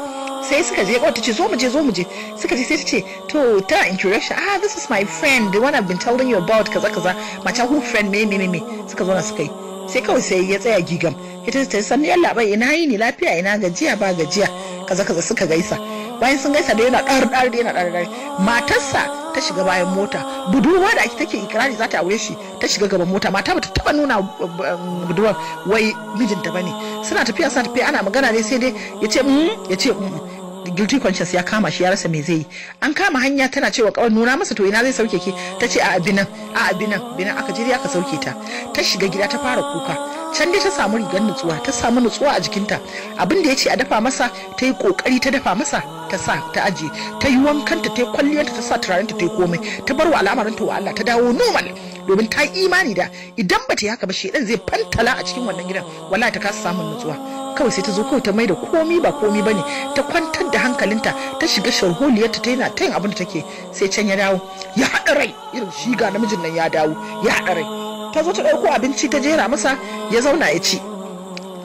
sai suka je ta ce zo mu je zo mu je suka je sai ta ce to ta introduction ah this is my friend the one i've been telling you about kaza kaza my childhood friend me me me suka zo na suka yi sai kawai sai ya tsaya gigam ita ta sanni yalla bai ina yi ni lafiya ina gajiya ba gajiya kaza kaza suka gaisa bayan sun gaisa da yana ɗar da yana matarsa ta shiga bayan mota budurwa da take ikirari za ta aure shi ta shiga gaban mota mata bata taba nuna um, budurwar wai mijinta bane suna tafiya suna tafiya ana magana ne sai dai ya ce mm, ya ce mm, mm. guilty conscience ya kama shi ya rasa me zai yi an kama hanya tana cewa kawai nuna masa to ina zai sauke ki ta ce a abinan a abinan binan aka jiri aka sauke ta ta shiga gida ta fara kuka can dai ta samu rigar nutsuwa ta samu nutsuwa a jikinta abin da ya ce a dafa masa ta yi kokari ta dafa masa ta sa ta aje ta yi wankanta ta yi kwalliyanta ta sa turarenta ta yi komai ta bar wa al'amarinta wa Allah ta dawo normal domin ta imani da idan ba ta yi haka ba shedan zai fantala a cikin wannan gidan wallahi ta kasa samun nutsuwa kawai sai ta zo kawai ta mai da komi ba komi ne ta kwantar da hankalinta ta shiga sharholiyarta ta yana ta yin abin da take sai can ya dawo ya haɗa rai irin shi ga namijin nan ya dawo ya haɗa rai ta zo ta ɗauko abinci ta jera masa ya zauna ya ci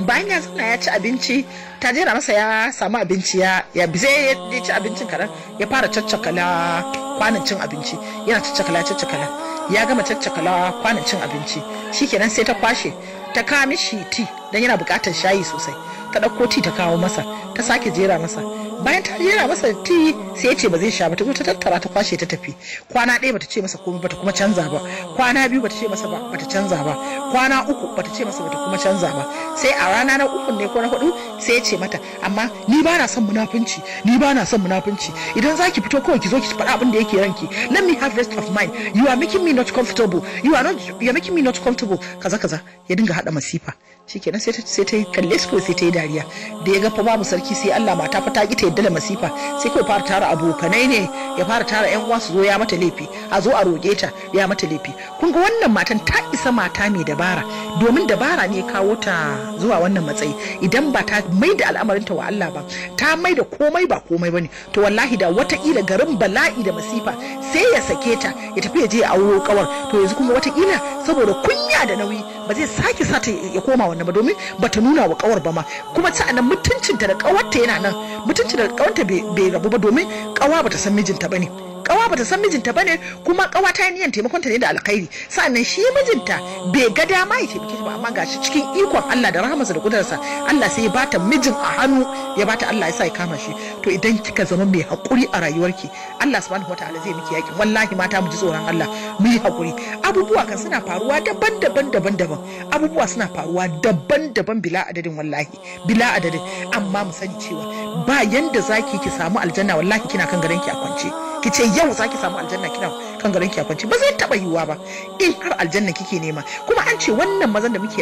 bayan ya zauna ya ci abinci ta jera masa ya samu abinci ya ya bize ya ci abincin karan ya fara caccakala kwanan cin abinci yana caccakala caccakala ya gama caccakala kwanan cin abinci shikenan sai ta kwashe ta kawo mishi ti don yana bukatar shayi sosai ta ɗauko ti ta kawo masa ta sake jera masa bayan ta jera masa ti sai ya ce ba zai sha ba ta ta tattara ta kwashe ta tafi kwana ɗaya bata ce masa komai bata kuma canza ba kwana biyu bata ce masa ba bata canza ba kwana uku bata ce masa bata kuma canza ba sai a rana na uku ne ko na hudu sai ya ce mata amma ni ba na son munafunci ni ba na son munafunci idan za ki fito kawai ki zo ki faɗa abin da yake ranki let me have rest of mind you are making me not comfortable you are not you are making me not comfortable kaza kaza ya dinga hada masifa shikenan sai ta sai ta kalle su sai ta yi dariya da ya ga fa babu sarki sai Allah mata fa ta ki ta yadda da masifa sai kai fara tara abokanai ne ya fara tara yan uwa su zo ya mata laifi a zo a roƙe ta ya mata laifi kun ga wannan matan ta isa mata mai dabara domin dabara ne kawo ta zuwa wannan matsayi idan ba ta mai da al'amarinta wa Allah ba ta mai da komai ba komai bane to wallahi da watakila garin bala'i da masifa sai ya sake ta ya tafi ya je ya wuro kawar to yanzu kuma wata kila saboda kunya da nauyi ba zai sake sa ta ya koma wannan ba domin bata nuna wa kawar ba ma kuma sa'annan mutuncinta da kawarta yana nan mutuncinta da kawarta bai rabu ba domin kawa bata san mijinta ba ne kawa bata san mijinta ba ne kuma kawa ta yi niyan taimakon ta ne da alkhairi sannan shi mijinta bai ga dama ya taimake ta ba amma gashi cikin ikon Allah da rahamarsa da kudarsa Allah sai ya bata mijin a hannu ya bata Allah ya sa ya kama shi to idan kika zama mai hakuri a rayuwarki Allah subhanahu wataala zai miki yaki wallahi mata mu ji tsoron Allah mu yi hakuri abubuwa kan suna faruwa daban-daban daban-daban abubuwa suna faruwa daban-daban bila adadin wallahi bila adadin amma mu sani cewa ba yanda zaki ki samu aljanna wallahi kina kan garanki ki a kwance ki ce yau zaki samu aljanna kina bangaren ki kwanci ba zai taba yiwuwa ba in har aljanna kike nema kuma an ce wannan mazan da muke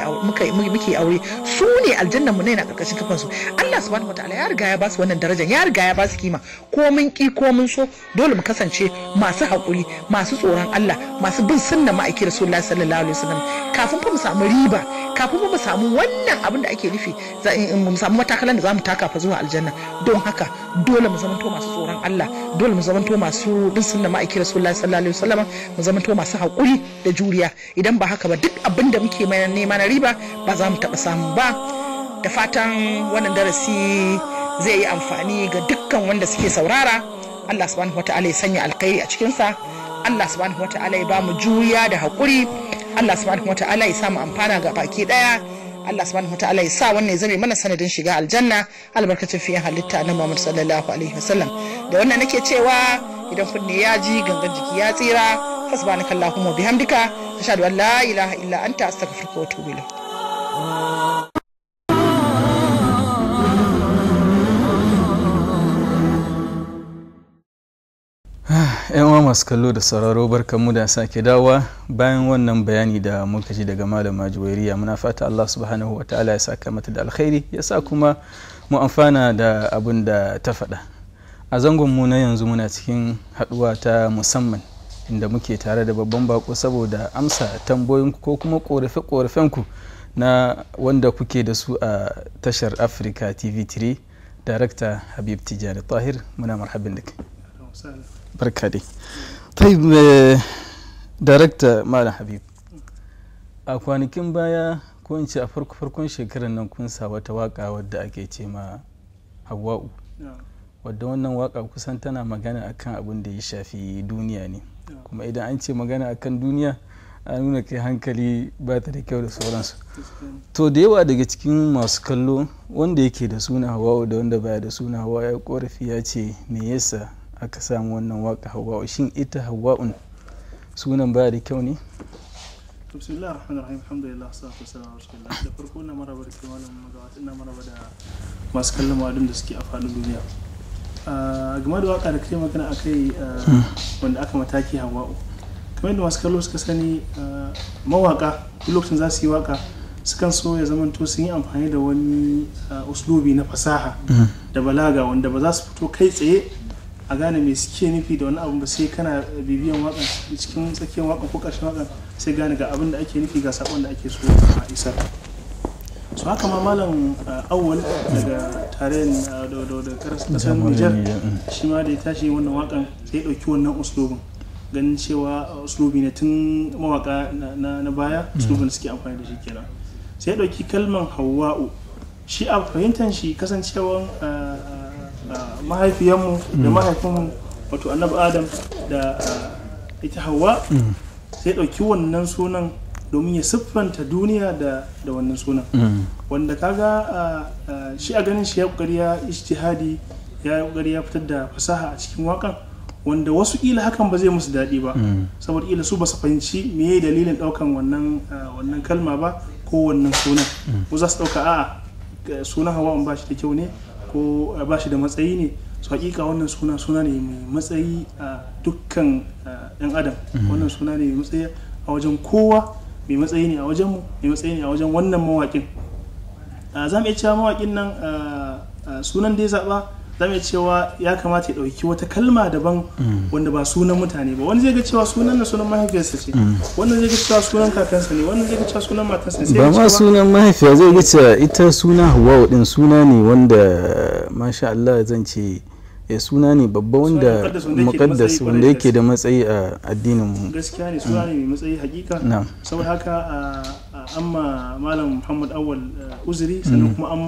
muke aure su ne aljannan mu ne na karkashin kafan su Allah subhanahu wataala ya riga ya ba su wannan darajar ya riga ya ba su kima ko mun ki ko mun so dole mu kasance masu hakuri masu tsoron Allah masu bin sunna ma'aikir rasulullah sallallahu alaihi wasallam kafin fa mu samu riba kafin mu samu wannan abin da ake nufi mu samu matakalan da za mu taka fa zuwa aljanna don haka dole mu zamanto masu tsoron Allah dole mu zamanto masu bin sunna ma'aikir rasulullah sallallahu alaihi alaihi wasallam mu zama to masu haƙuri da juriya idan ba haka ba duk abin da muke nema na riba ba za mu taɓa samu ba da fatan wannan darasi zai yi amfani ga dukkan wanda suke saurara Allah subhanahu wata'ala ya sanya alkhairi a cikinsa Allah subhanahu wata'ala ya ba mu juriya da haƙuri Allah subhanahu wata'ala ya samu amfana ga baki ɗaya Allah subhanahu wataala ya sa wannan ya zame mana sanadin shiga aljanna albarkacin fiye halitta na Muhammad sallallahu alaihi wasallam da wannan nake cewa idan kunne ya ji gangan jiki ya tsira fasbanaka Allahumma bihamdika ashhadu an la ilaha illa anta astaghfiruka wa atubu ilaik Ah, yan uwa masu kallo da sauraro barkanmu da sake dawa bayan wannan bayani da muka ji daga malama juwairiya muna fata Allah subhanahu wa ta'ala ya saka mata da alkhairi ya sa kuma mu amfana da abin da ta faɗa a zangon mu na yanzu muna cikin haɗuwa ta musamman inda muke tare da babban bako saboda amsa tamboyin ko kuma korafe korafenku na wanda kuke da su a tashar Africa TV3 Darakta Habib Tijani Tahir muna marhabin da kai. barka dai taib eh, darakta malam habib a kwanakin baya ko in ce a farko farkon shekarar nan kun sa wata waka wadda ake ce ma hawa'u wadda wannan waka kusan tana magana akan abin da ya shafi duniya ne kuma idan an ce magana akan duniya a nuna kai hankali ba ta da kyau da sauransu to da yawa daga cikin masu kallo wanda yake da suna hawa'u da wanda baya da suna hawa ya korafi ya ce me yasa aka samu wannan waka hawa'u shin ita hawa'un sunan ba da kyau ne bismillah da kai masu ah, magana akai ah, wanda aka mataki hawa'u kamar yadda masu kallo suka sani ah, mawaka duk lokacin za su yi waka sukan so ya zama to sun yi amfani da wani uslubi na fasaha hmm. da balaga wanda ba za su fito kai tsaye a gane me suke nufi da wani abu ba sai kana bibiyan wakan cikin tsakiyar wakan ko ƙarshen wakan sai gane ga abin da ake nufi ga sakon da ake so a isar su haka ma malam uh, awwal daga tarayyar uh, da ƙasar Nijar mm. shi ma da ya tashi wannan wakan sai ya ɗauki wannan uslubin ganin cewa uh, uslubi ne tun mawaka na baya mm. uslubin suke amfani da shi kenan sai ya dauki kalman hawa'u shi a fahimtar shi kasancewan mahaifiyanmu da mm. mahaifinmu wato annabi adam da ah, ita hawa mm. sai ɗauki wannan sunan domin ya siffanta duniya da wannan sunan mm. wanda kaga ah, ah, shi a ganin shi ya ƙoƙari ya ijtihadi ya ƙoƙari ya fitar da fasaha a cikin wakan wanda wasu ƙila hakan ba zai musu daɗi ba saboda ƙila su ba su fahimci meye dalilin ɗaukan wannan kalma ba ko wannan sunan mu za su ɗauka a'a sunan hawa ba shi da kyau ne ko ba shi da matsayi ne su hakika wannan suna suna ne mai matsayi a dukkan yan adam mhm. wannan suna ne mai matsayi a wajen kowa mai matsayi ne a wajen mu mai matsayi ne a wajen wannan mawaƙin za mu iya cewa mawaƙin nan sunan da ya zaɓa zame cewa ya kamata ya ɗauki wata kalma daban wanda ba sunan mutane ba wani zai ga cewa sunan na sunan mahaifiyarsa ce wannan zai ga cewa sunan kakansa ne wannan zai ga cewa sunan matarsa ne ba ma sunan mahaifiya zai ga cewa ita suna huwa din suna ne wanda masha Allah zan ce ya eh, suna ne babba wanda mukaddas wanda yake da matsayi a addinin mu gaskiya ne suna ne mai matsayi hakika saboda haka amma malam Muhammad Awwal eh, Uzuri sannan mm. kuma an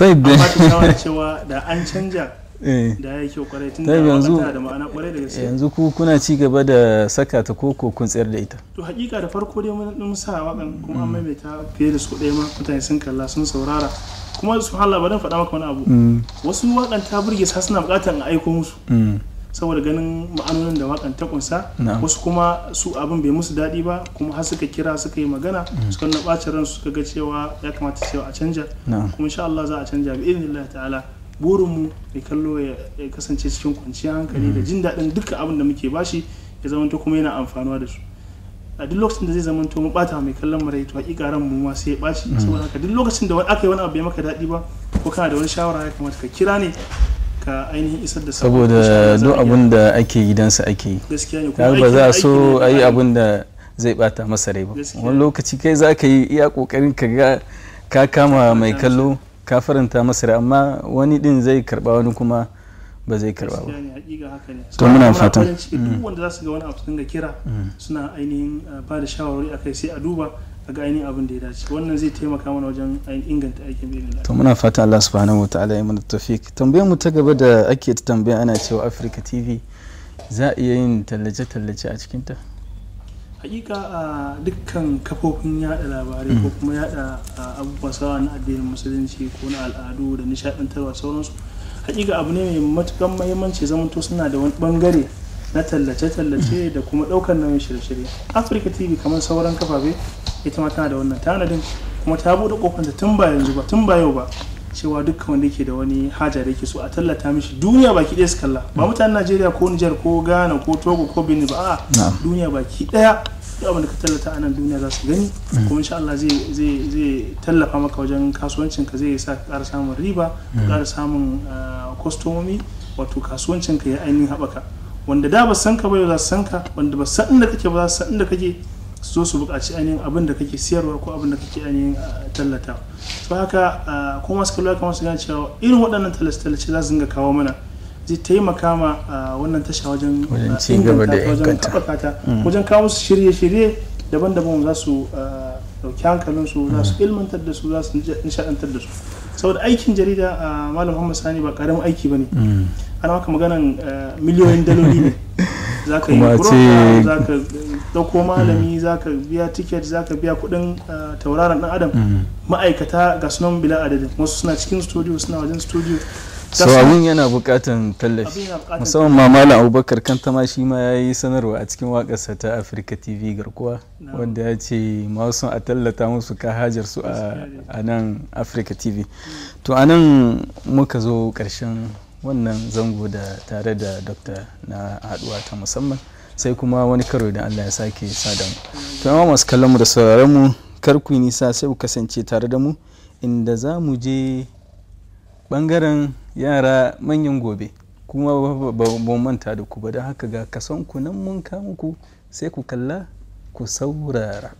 amma ta shawara cewa da an canja eh. da ya kyau kwarai tun da yanzu da ma'ana kwarai da gaske yanzu ku kuna ci gaba da saka ta koko kun tsayar da ita to hakika da farko dai mun sa wakan kuma an maimaita fiye da su ɗaya ma mutane sun kalla sun saurara kuma su hala ba dan faɗa maka wani abu mm. wasu wakan ta burge sa suna buƙatar a aiko musu mm. saboda ganin ma'anonin da wakan ta kunsa wasu kuma su abin bai musu daɗi ba kuma har suka kira suka yi magana mm. suka na ɓacin ransu suka ga cewa ya kamata cewa a canja kuma insha Allah za a canja bi Allah ta'ala mu mai kallo ya kasance cikin kwanciyar hankali da mm. jin daɗin duka abin da muke bashi ya zamanto kuma yana amfanuwa da su a duk lokacin da zai zamanto mu bata mai kallon mu raito haƙiƙa ran mu ma sai ya ɓaci mm. saboda haka duk lokacin da aka yi wani abu bai maka daɗi ba ko kana da wani shawara ya kamata ka kira ne ka ainihin isar da saboda duk abin da ake yi gidansa ake yi gaskiya ba za a so a yi abin da zai bata masa rai ba wani lokaci kai za ka yi iya kokarin ka ga ka kama mai kallo ka faranta masa rai amma wani din zai karba wani kuma ba zai karba ba to muna fatan duk mm. wanda za su ga wani abu sun ga kira mm. suna ainihin ah, ba da shawarwari akai sai a duba a ga ainihin abin da ya dace wannan zai taimaka mana wajen inganta aikin bayan lafiya to muna fata Allah subhanahu wataala ya mana tawfik tambayar mu ta gaba da ake ta tambaya ana cewa Africa TV za a iya yin tallace-tallace a cikin ta hakika a dukkan kafofin yada labarai ko mm. kuma yada abubuwa sawa na addinin musulunci ko na al'adu da nishadantarwa sauransu hakika abu ne mai matukan mahimmanci zamanto suna da wani bangare na tallace-tallace mm. da kuma ɗaukar nauyin shirye-shirye afirka tv kamar sauran kafafe ita ma tana da wannan tanadin kuma ta buɗe kofanta tun ba yanzu ba tun ba yau ba cewa dukkan wanda ke da wani haja da yake so a tallata mishi duniya baki ɗaya su kalla ba mm. mutanen najeriya ko nijar ko ghana ko togo ko bini ba a duniya baki ɗaya duk abin da ka tallata a nan duniya za su gani mm. kuma insha Allah zai tallafa maka wajen kasuwancinka zai sa ka ƙara samun riba ka ƙara samun ah, kwastomomi wato kasuwancinka ya ainihin haɓaka wanda da ba san ka ba yau za su san ka wanda ba san inda kake ba za su san inda kake so su buƙaci ainihin abin da kake siyarwa ko abin da kake ainihin ah, tallata to haka ah, kuma suka lura kamar su gane cewa irin waɗannan tallace-tallace za su dinga kawo mana zai taimaka ma ah, wannan tasha wajen inganta wajen mm. wajen kawo musu shirye-shirye daban-daban za su ɗauki hankalinsu za su mm. ilmantar da su za su nishaɗantar da su saboda aikin jarida malam Muhammad Sani ba ƙaramin aiki ba ne mm. ana maka maganan eh, miliyoyin daloli ne za ka yi za ka dauko malami mm. za ka biya tiket za ka biya kudin eh, tauraron dan adam mm. ma'aikata ga sunan bila adadin wasu suna cikin studio suna wajen studio so abin yana bukatan tallafi musamman ma malam abubakar kanta ma shi ma ya yi sanarwa a cikin wakarsa ta afirka tv garkuwa wanda ya ce masu a tallata musu ka hajar su a nan afirka tv mm. to anan muka zo karshen wannan zango da tare da dokta na haduwa ta musamman sai kuma wani karo da Allah ya sake sadan mu to amma masu kallon mu da sauraron mu kar ku nisa sai ku kasance tare da mu inda za mu je bangaren yara manyan gobe kuma ba manta da ku ba don haka ga kason ku nan mun muku sai ku kalla ku saurara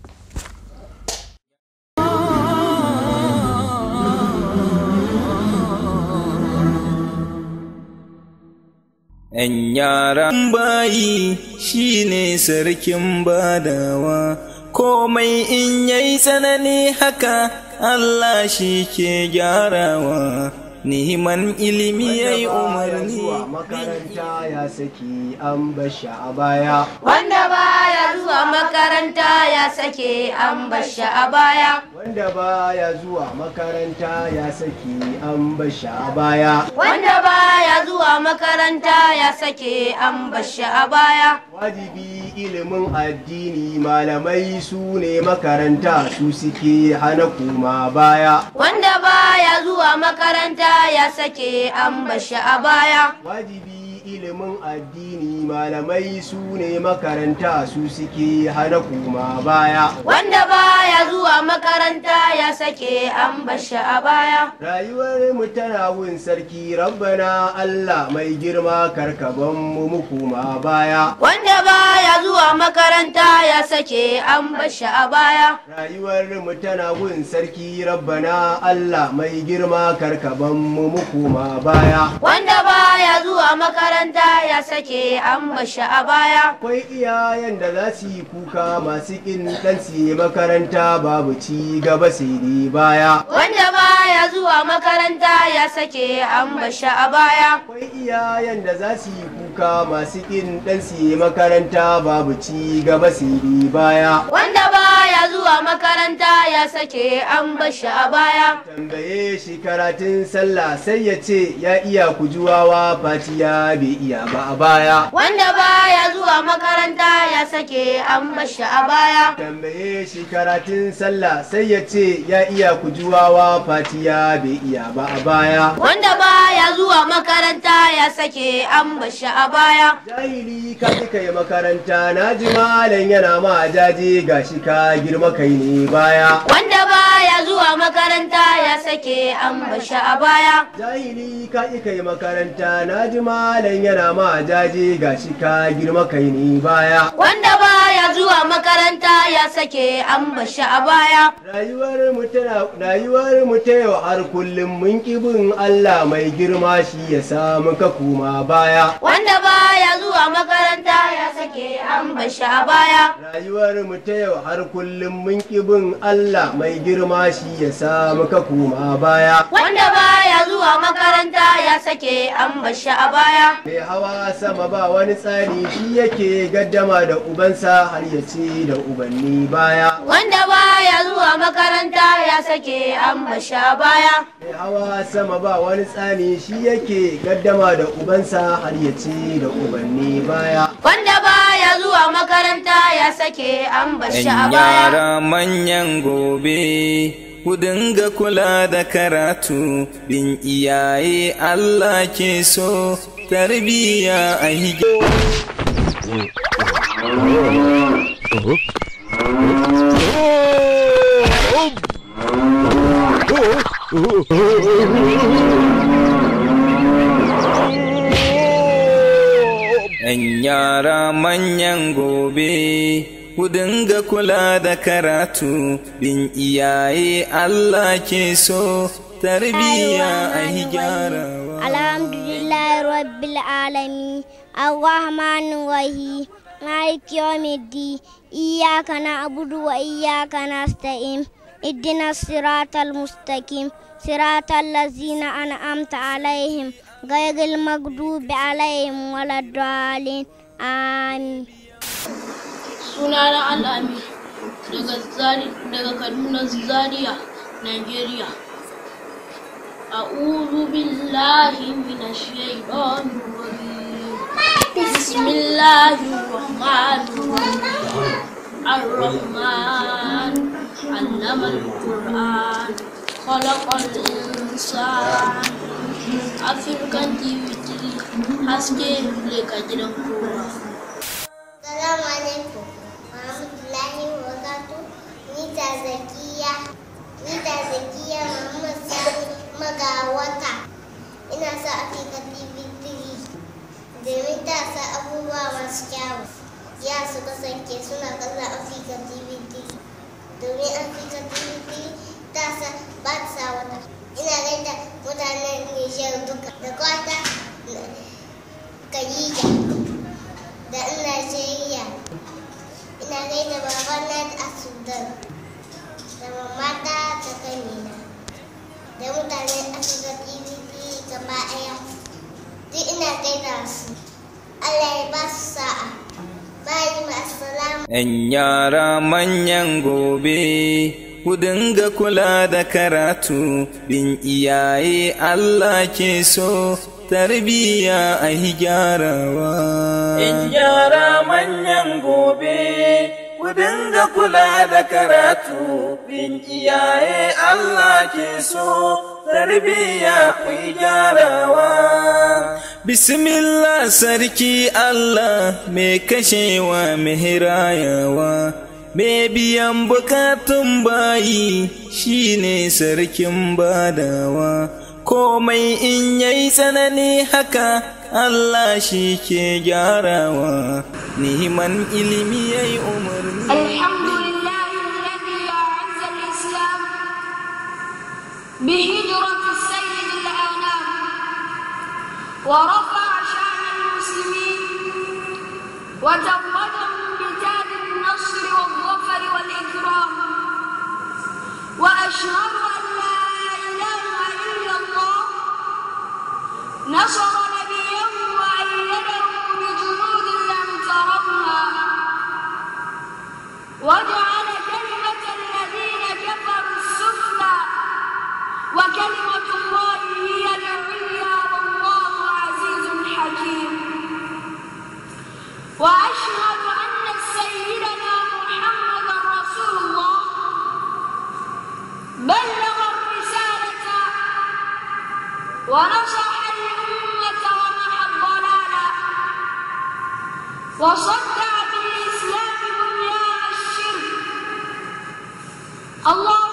‘yan yaran bayi shine sarkin badawa, komai in yayi tsanani haka Allah shi ke gyarawa, nihiman ilimi ya yi umarni. makaranta ya saki an bashi a baya. Wanda baya zuwa makaranta sake an bashi a baya wanda baya zuwa makaranta ya sake an bashi a baya wanda baya zuwa makaranta ya sake an bashi a baya wajibi ilimin addini malamai su ne makaranta su suke hana kuma baya wanda baya zuwa makaranta ya sake an bashi a baya wajibi ilimin addini malamai su ne makaranta su suke hana kuma baya wanda baya zuwa makaranta ya sake an bashi a baya rayuwar mu tana wun sarki rabbana allah mai girma karkaban mu mukuma baya wanda baya zuwa makaranta ya sake an bashi a baya rayuwar mu tana wun sarki rabbana allah mai girma karkaban mu mukuma baya wanda baya zuwa makaranta bayan da ya sake an bashi a baya akwai iyayen da za su yi kuka masu kin ɗansu makaranta babu ci gaba sai baya wanda baya zuwa makaranta ya sake an bashi a baya akwai iyayen da za su yi kuka masu kin ɗansu makaranta babu ci gaba sai baya wanda baya zuwa makaranta ya sake an bashi a baya tambaye shi karatun sallah sai ya ce ya iya kujuwawa fatiya bai iya ba a baya wanda baya zuwa makaranta ya sake an bashi a baya tambaye shi karatun sallah sai ya ce ya iya kujuwawa fatiya bai iya ba a baya wanda baya zuwa makaranta ya sake an bashi a baya jahili ka kika yi makaranta na ji malam yana ma jaji gashi ka girma kai ne baya wanda baya zuwa makaranta ya sake an bashi a baya jahili ka kika yi makaranta na ji malam nan yana ma jaje shi ka girma kai ni baya wanda baya zuwa makaranta ya sake an bashi a baya rayuwar mu ta yau har kullum mun bin Allah mai girma shi ya samu ka kuma baya wanda baya zuwa makaranta ya sake shi baya rayuwar mu ta yau har kullum mun bin Allah mai girma shi ya samu muka koma baya wanda baya zuwa makaranta ya sake an bashi a baya mai hawa sama ba wani tsari shi yake gaddama da ubansa har ya ce da ubanni baya wanda baya zuwa makaranta ya sake an bashi a baya mai hawa sama ba wani tsari shi yake gaddama da ubansa har ya ce da ubanni baya wanda baya zuwa makaranta ya sake an a baya yara manyan gobe ku dinga kula da karatu bin iyaye Allah ke so tarbiya a oh, Oh, 'yan yara manyan gobe ku dinga kula da karatu bin iyaye Allah ke so tarbiyya a gyarawa alhamdulillah rabbil alamin arrahmanir wahi مالك يوم الدين إياك na وإياك idina اهدنا الصراط المستقيم صراط الذين amta عليهم غير المغضوب عليهم ولا الضالين آمين sunana al'ami daga kaduna zaria nigeria a'udhu billahi mina shaitanir rajim bismillahir rahmanir rahim ar-rahman allama al-qur'an خلق الإنسان African TV 3 haske leka gidan kowa. Salamu alaikum, Alhamdulahi wa ni ta Zakiya, ta Zakiya Muhammad Sani Magawata. Ina sa Africa TV 3 domin ta sa abubuwa masu kyau. Ya su kasance suna kalla Africa TV 3 domin Africa TV 3 taça, bate salta. E na lenda, botar na ligeira do da corda, caída, da energia. E na lenda, bavana de açudão. Da mamada, da canina. Da muita lenda, açudão, e de cambaia. De na lenda, assim. Alei, baça. Bye, Masalam. Enyara manyangubi. Enyara manyangubi. ku dinga kula da karatu bin iyaye Allah ke so tarbiya a hijarawa. in gyara manyan gobe ku dinga kula da karatu bin iyaye Allah ke so tarbiya ku gyarawa bismillah sarki Allah mai kashewa mai hirayawa Me biyan bukatun bayi shine sarkin badawa, komai in yayi tsanani haka Allah shi gyarawa, ilimi yayi umarni. Islam, bi hijiratu sayyid al'anam, wa rafa sha'anin musulmi, wa وأشهد أن لا إله إلا الله نصر نبيه وأيده بجنود لم ترونها وجعل كلمة الذين كفروا السفلى وكلمة الله هي العليا والله عزيز حكيم وأشهد أن بلغ الرسالة ونصح الأمة ومحى الضلال وصدع بالإسلام بنيان الشرك الله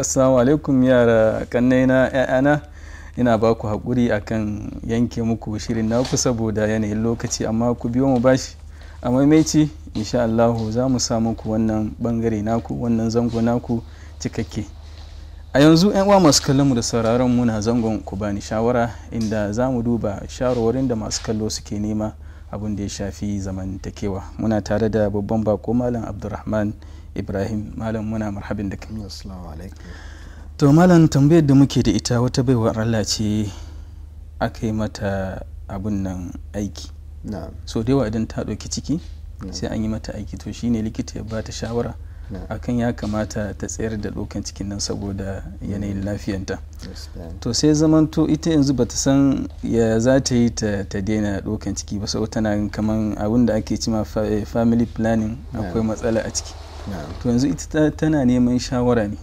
assalamu alaikum yara kannaina ‘ya'yana ina ba ku haƙuri akan yanke muku shirin naku saboda yanayin lokaci amma ku biyo mu bashi a maimaici insha Allahu za mu sa muku wannan bangare naku wannan zango naku cikakke a yanzu ‘yan uwa masu kallon mu da sauraron mu na zangon ku bani shawara inda za mu duba shawarwarin da masu kallo suke nema abun da ya shafi zamantakewa muna tare da babban bako malam abdulrahman ibrahim malam muna marhabin da kai to malam tambayar da muke da ita wata baiwar allah ce aka yi mata abun nan aiki so da yawa idan ta ɗauki ciki sai an yi mata aiki to shine likita ya bata shawara akan ya kamata ta tsayar da ɗaukan cikin nan saboda yanayin lafiyanta to sai zamanto ita yanzu bata san ya za ta yi ta daina ɗaukan ciki ba sau tana kamar abin da ake cima eh, family planning akwai matsala a ciki to yanzu ita tana neman shawara ne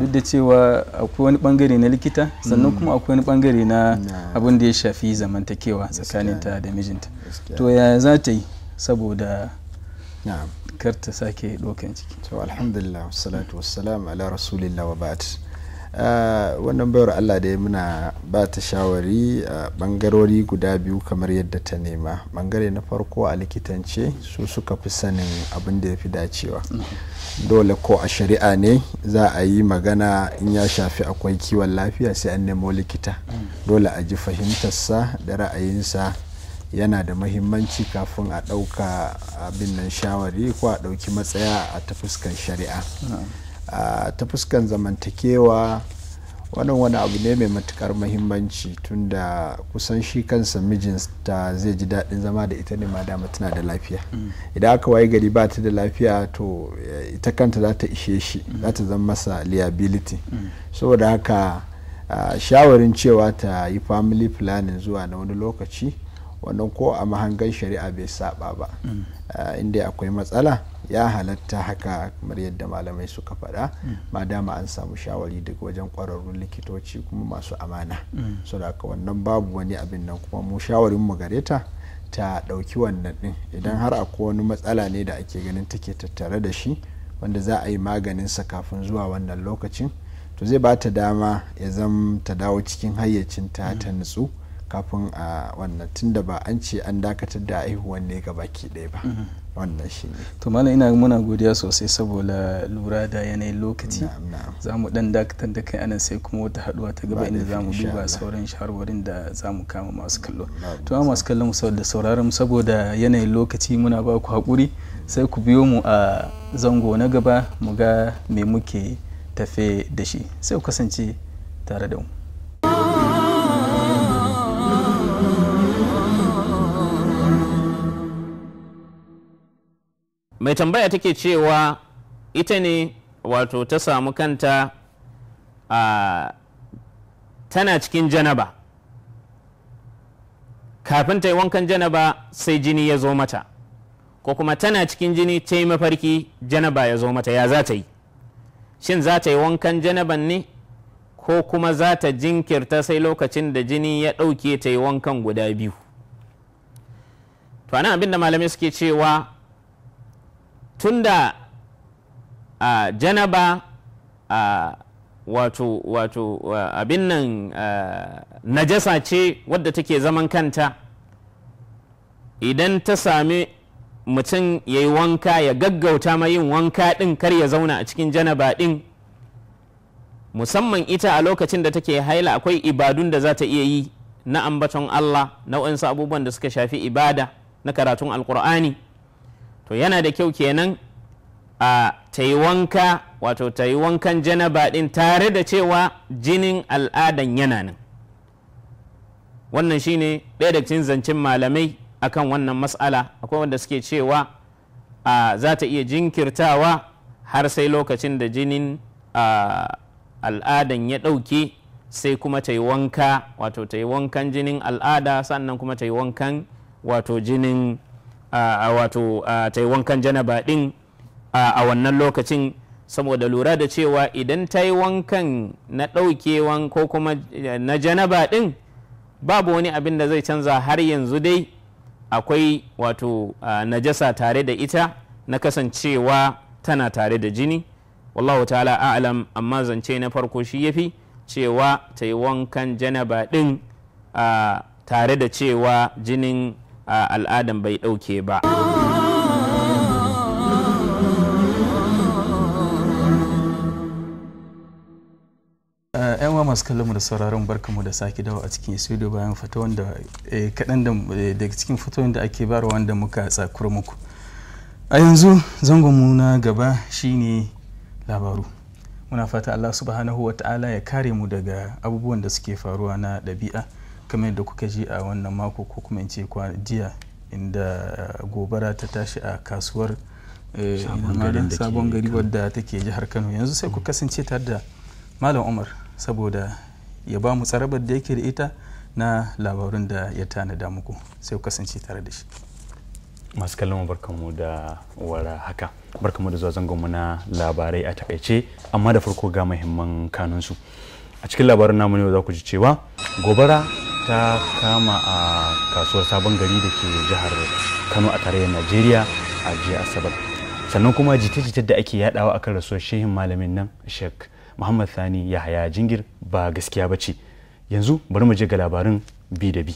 duk da cewa akwai wani bangare na likita sannan mm. kuma akwai wani bangare na abin da ya shafi zamantakewa tsakaninta da mijinta to ya za ta yi saboda kar ta sake dokan ciki to alhamdulillah wassalatu wassalam ala rasulillah wa ba'at Eh, wannan bayar allah dai muna ba ta shawari a bangarori guda biyu kamar yadda ta nema bangare na farko a likitance su suka fi sanin abin da ya fi dacewa dole ko a shari'a ne za a yi magana in ya shafi akwai kiwon lafiya sai an nemo likita dole a ji fahimtarsa da ra'ayinsa yana da mahimmanci kafin a ɗauka abin nan shawari ko a ɗauki matsaya a ta fuskar shari'a ta fuskan zamantakewa wannan wani abu ne mai matukar mahimmanci tunda kusan shi kansa mijin ta zai ji daɗin zama da ita ne ma dama tana da lafiya mm. idan aka waye gari ba ta da lafiya to eh, ita kanta za ta ishe shi mm. za ta zama masa liability mm. saboda haka shawarin cewa ta yi family planning zuwa na wani lokaci wannan ko a mahangan shari'a bai saba ba ah, inda akwai matsala ya halatta haka kamar yadda malamai suka faɗa ma dama an samu shawari daga wajen ƙwararrun likitoci kuma masu amana so da wannan babu wani abin nan kuma mu shawarin mu gare ta ta ɗauki wannan ɗin idan har akwai wani matsala ne da ake ganin take tattare da shi wanda za a yi maganin sa kafin zuwa wannan lokacin to zai ba ta dama ya zama ta dawo cikin hayyacinta ta nutsu kafin a wannan tunda ba an ce an dakatar da aihuwan ne ga baki ɗaya ba mm-hmm. wannan shi ne to mana ina muna godiya sosai saboda lura da yanayin lokaci za mu dan dakatar da kai anan sai kuma wata haduwa ta gaba inda za mu duba sauran shawarwarin da za mu kama masu kallo to amma masu kallon da sauraron saboda yanayin lokaci muna ba ku hakuri sai ku biyo mu a zango na gaba mu ga me muke tafe da shi sai ku kasance tare da mu mai tambaya take cewa ita ne wato ta samu kanta a tana cikin janaba kafin ta yi wankan janaba sai jini ya zo mata ko kuma tana cikin jini ta yi mafarki janaba ya zo mata ya za ta yi shin za ta yi wankan janaba ne ko kuma za ta jinkirta sai lokacin da jini ya ɗauke ta yi wankan guda biyu to abin da malamai suke cewa tunda a uh, janaba a uh, wato wato uh, abin nan najasa ce wadda take zaman kanta idan ta sami mutum ya yi wanka ya gaggauta ma yin wanka ɗin kar ya zauna a cikin janaba ɗin musamman ita a lokacin da take haila akwai ibadun da za ta iya yi na ambaton Allah na waɗansu abubuwan da suka shafi ibada na karatun alkur'ani to yana da kyau kenan a ta yi wanka wato ta yi wankan janaba ɗin tare da cewa jinin al'adan yana nan wannan shine ɗaya daga cikin zancen malamai akan wannan matsala akwai wanda suke cewa a za ta iya jinkirtawa har sai lokacin da jinin al'adan ya ɗauke sai kuma ta yi wanka wato ta yi wankan jinin al'ada sannan kuma ta yi wankan wato jinin wato ta yi wankan janaba din a wannan lokacin saboda lura da cewa idan ta yi wankan na ɗaukewan ko kuma eh, na janaba din babu wani abin da zai canza har yanzu dai akwai wato najasa tare da ita na kasancewa tana tare da jini wallahu ta'ala a'lam amma zance na farko shi yafi cewa ta yi wankan janaba din tare da cewa jinin a al'adan bai ɗauke ba eh, yan masu kallon mu da sauraron mu da sake dawo a cikin studio bayan fata eh, da kaɗan eh, daga cikin fatawan da ake bayarwa wanda muka tsakura muku a yanzu zangonmu na gaba shine labaru muna fata allah subhanahu wa ta'ala ya kare mu daga abubuwan da suke faruwa na ɗabi'a kamar yadda kuka ji a wannan mako ko kuma in ce jiya inda eh, gobara ta tashi a kasuwar eh, sabon gari wadda take jihar kano yanzu sai ku kasance tare da malam umar saboda ya ba mu tsarabar da yake da ita na labarun da ya tanada muku sai ku kasance tare da shi masu kallon barkanmu da wara haka barkanmu da zuwa zangonmu na labarai a takaice amma da farko ga muhimman kanunsu a cikin labarin namu ne za ku ji cewa gobara ta kama a kasuwar sabon gari da ke jihar kano a tarayyar najeriya a jiya asabar sannan kuma jita jita da ake yadawa kan rasuwar shehin malamin nan shek muhammad sani yahaya jingir ba gaskiya ba ce yanzu bari mu je ga labarin bi da bi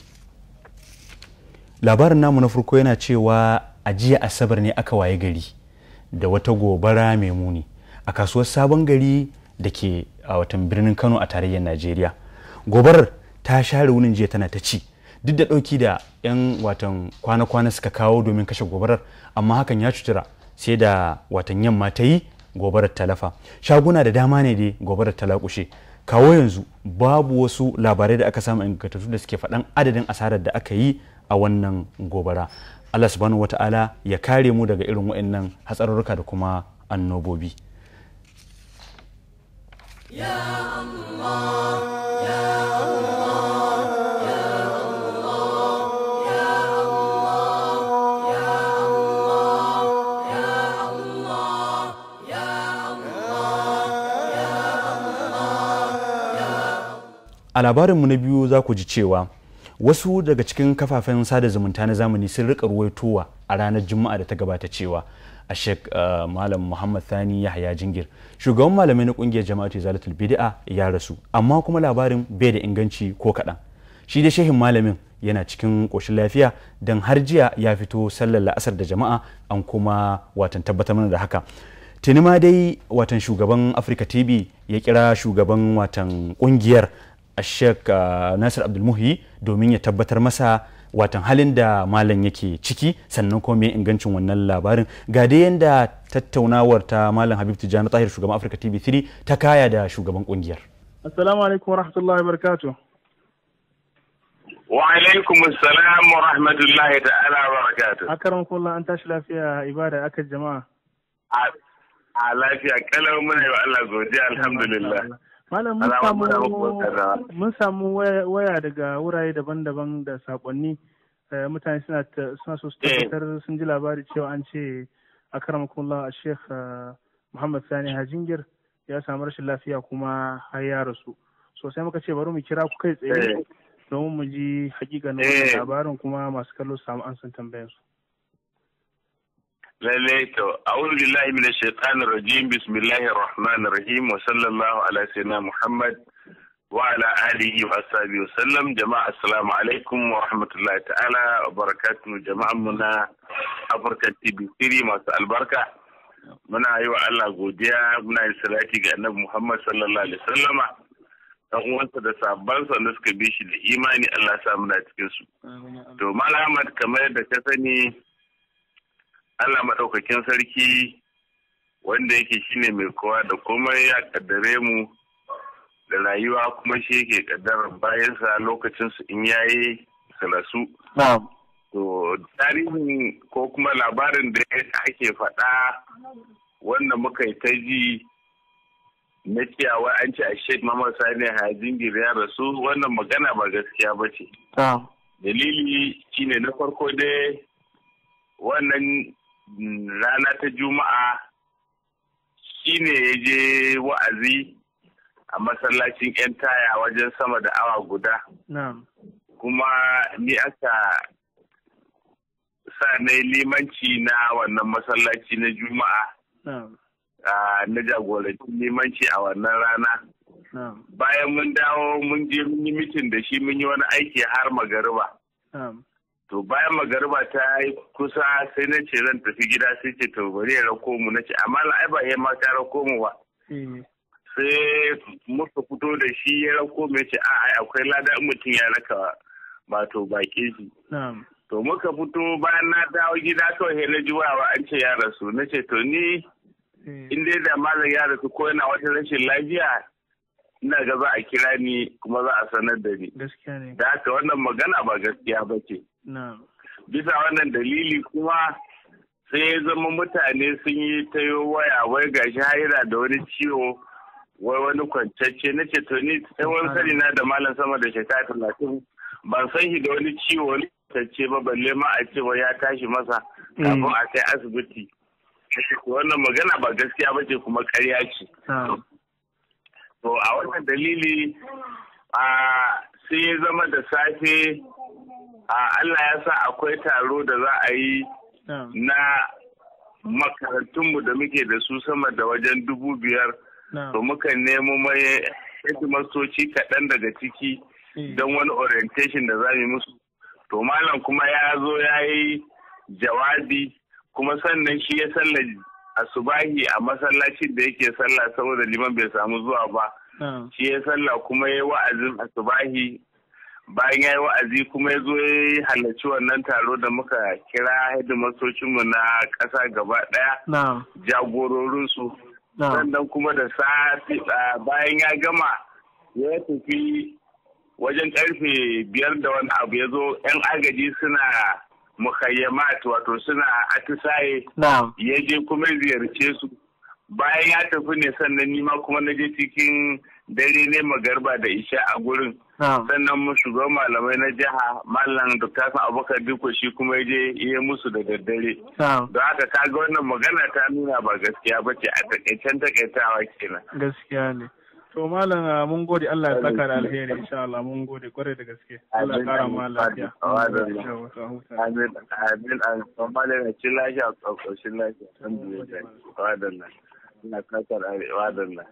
labarin namu na farko yana cewa a jiya asabar ne aka waye gari da wata gobara mai muni a kasuwar sabon gari da ke a watan birnin kano a tarayyar najeriya gobarar ta share wunin jiya tana ta ci duk da ɗauki da 'yan watan kwana-kwana suka kawo domin kashe gobarar amma hakan ya cutura sai da watan yamma ta yi gobarar talafa shaguna da dama ne dai gobarar talakushe kawo yanzu babu wasu labarai da aka samu ingantattu da suke faɗan adadin asarar da aka yi a wannan gobara allah subhanahu wata'ala ya kare mu daga irin waɗannan hatsarurruka da kuma annobobi a labarinmu na biyu za ku ji cewa wasu daga cikin kafafen sada zumunta na zamani sun rika ruwaitowa a ranar juma'a da ta gabata cewa a shek eh, malam muhammad thani yahaya jingir shugaban malamai na kungiyar jama'a ta zalatul bid'a ya rasu amma kuma labarin bai da inganci ko kaɗan shi da shehin malamin yana cikin koshin lafiya don har jiya ya fito sallar la'asar da jama'a an kuma watan tabbatar mana da haka tuni ma dai watan shugaban afirka tv ya kira shugaban watan kungiyar shek uh, nasir abdulmuhi domin ya tabbatar masa watan halin da malam yake ciki sannan kuma mai ingancin wannan labarin ga dai yadda tattaunawar ta malam habib tijjani tahir shugaban afirka tv 3 ta kaya da shugaban kungiyar assalamu alaikum wa rahmatullahi wa wa alaikum assalam wa rahmatullahi ta'ala wa barakatuh akaram kullu an tashi lafiya ibada aka jama'a a lafiya kalau muna yi wa Allah godiya alhamdulillah Malam mun samu waya daga wurare daban-daban da sakonni eh, mutane suna so su eh. tabbatar sun ji labari cewa an ce a karamakullah a sheikh eh, Muhammad Sani Hajingir ya samu rashin lafiya kuma har ya rasu. Sosai muka ce bari mu kira ku kai tsaye domin mu ji hakikanin labarin kuma masu kallo samu an san tambayar su. lallai to wurin billahi minash shaitanir rajim bismillahir rahmanir rahim wa sallallahu ala sayyidina muhammad wa ala alihi wa ashabihi wa sallam jama'a assalamu alaikum wa rahmatullahi ta'ala wa barakatuh jama'an mu na Africa TV siri masu albarka muna yi wa Allah godiya muna yin salati ga Annabi Muhammad sallallahu alaihi wasallama dan uwansa da sabban sa da suka bi shi da imani Allah ya sa muna cikin su to malamat kamar yadda ka sani Allah maɗaukakin sarki wanda yake shine mai kowa da komai ya kaddare mu da rayuwa kuma shi yake kaddara bayansa lokacinsu in yayi su rasu. To tarihin ko kuma labarin da ake faɗa wanda muka ta ji na cewa an ce a Sheikh Muhammad Sani Hajingir ya rasu wannan magana ba gaskiya ba ce. Dalili shine na farko dai wannan rana ta juma'a shi ne ya je wa'azi a masallacin 'yan taya wajen sama da awa guda kuma ni aka sa na limanci na wannan masallaci na juma'a na jagoranci limanci a wannan rana bayan mun dawo mun je mun yi mitin da shi mun yi wani aiki har magariba to bayan magariba ta yi kusa sai na ce zan tafi gida sai ce to bari ya rako mu na ce amma na ai ya ma ta rako mu ba mm. sai muka fito da shi ya rako mu ce a ai akwai lada mutum ya raka ba to baki shi to muka fito bayan na dawo gida kawai na ji wawa an ce ya rasu na ce to ni mm. in dai da malam ya rasu ko yana wata rashin lafiya ina ga za a kira ni kuma za a sanar da ni da haka wannan magana ba gaskiya ba ce Bisa wannan dalili kuma sai ya zama mutane sun yi ta waya wai gashi haira da wani ciwo wai wani kwantacce na ce to ni sai wani sani na da malam sama da shekara talatin ban san shi da wani ciwo wani kwantacce ba balle ma a ce ya tashi masa kafin a kai asibiti. Wannan magana ba gaskiya ba ce kuma karya ce. To a wannan dalili sai ya zama da safe a Allah ya sa akwai taro da za a yi na makarantunmu da muke da su sama da wajen dubu biyar to muka nemo mai hikimastoci kaɗan daga ciki eh. don wani orientation da za mu musu to malam kuma ya zo ya yi jawabi kuma sannan shi ya sallar asubahi a masallacin da yake sallah saboda liman bai samu zuwa ba. shi ya sallah kuma ya wa'azin asubahi bayan ya yi wa'azi kuma ya zo ya halarci wannan taro da muka kira masocinmu na ƙasa gaba ɗaya jagororinsu sannan kuma da sati bayan ya gama ya tafi wajen karfe biyar da wani abu ya zo 'yan agaji suna mukayyamat wato suna atisaye ya je kuma ziyarce su bayan ya tafi ne sannan nima kuma na je cikin dare ne magarba da isha a gurin sannan mu shugaban malamai na jiha malam dr abokan diko shi kuma ya je iya musu da daddare don haka ga wannan magana ta nuna ba gaskiya ba ce a takaicen takaitawa kenan gaskiya ne to malam ah, mun gode Allah ya saka da alheri insha Allah mun gode kware da gaske Allah kara ma lafiya amin amin amin amin amin amin amin amin amin amin amin alhamdulillah ina kasar arewa da nan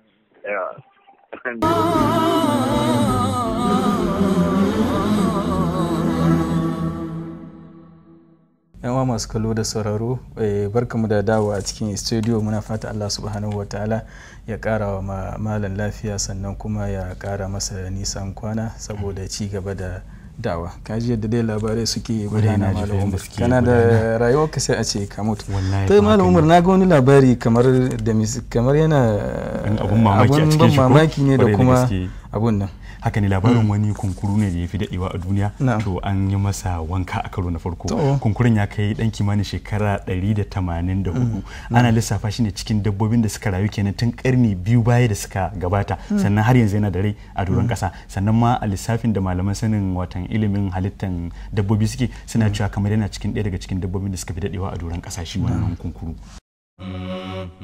yawa masu kallo da sauraro eh, barkamu da dawo a cikin studio muna fata Allah subhanahu wataala ya kara wa malam lafiya sannan kuma ya kara masa nisan kwana saboda ci gaba da dawa ka ji yadda dai labarai suke gudana malam kana da rayuwar ka sai a ce ka mutu to malam umar na ga wani labari kamar da kamar yana abun mamaki ne da kuma abun nan haka ne labarin wani kunkuru ne da ya fi daɗewa a duniya to an yi masa wanka a karo na farko kunkurin ya kai dan kimanin shekara 184 mm-hmm. ana mm-hmm. lissafa shi ne cikin dabbobin da suka rayu kenan tun karni biyu baya da suka gabata mm. sannan har yanzu yana da rai a doron kasa mm. sannan ma a lissafin da malaman sanin watan ilimin halittan dabbobi suke suna mm. cewa kamar yana cikin ɗaya daga cikin dabbobin da suka fi dadewa a doron kasa shi wannan kunkuru Mm-hmm.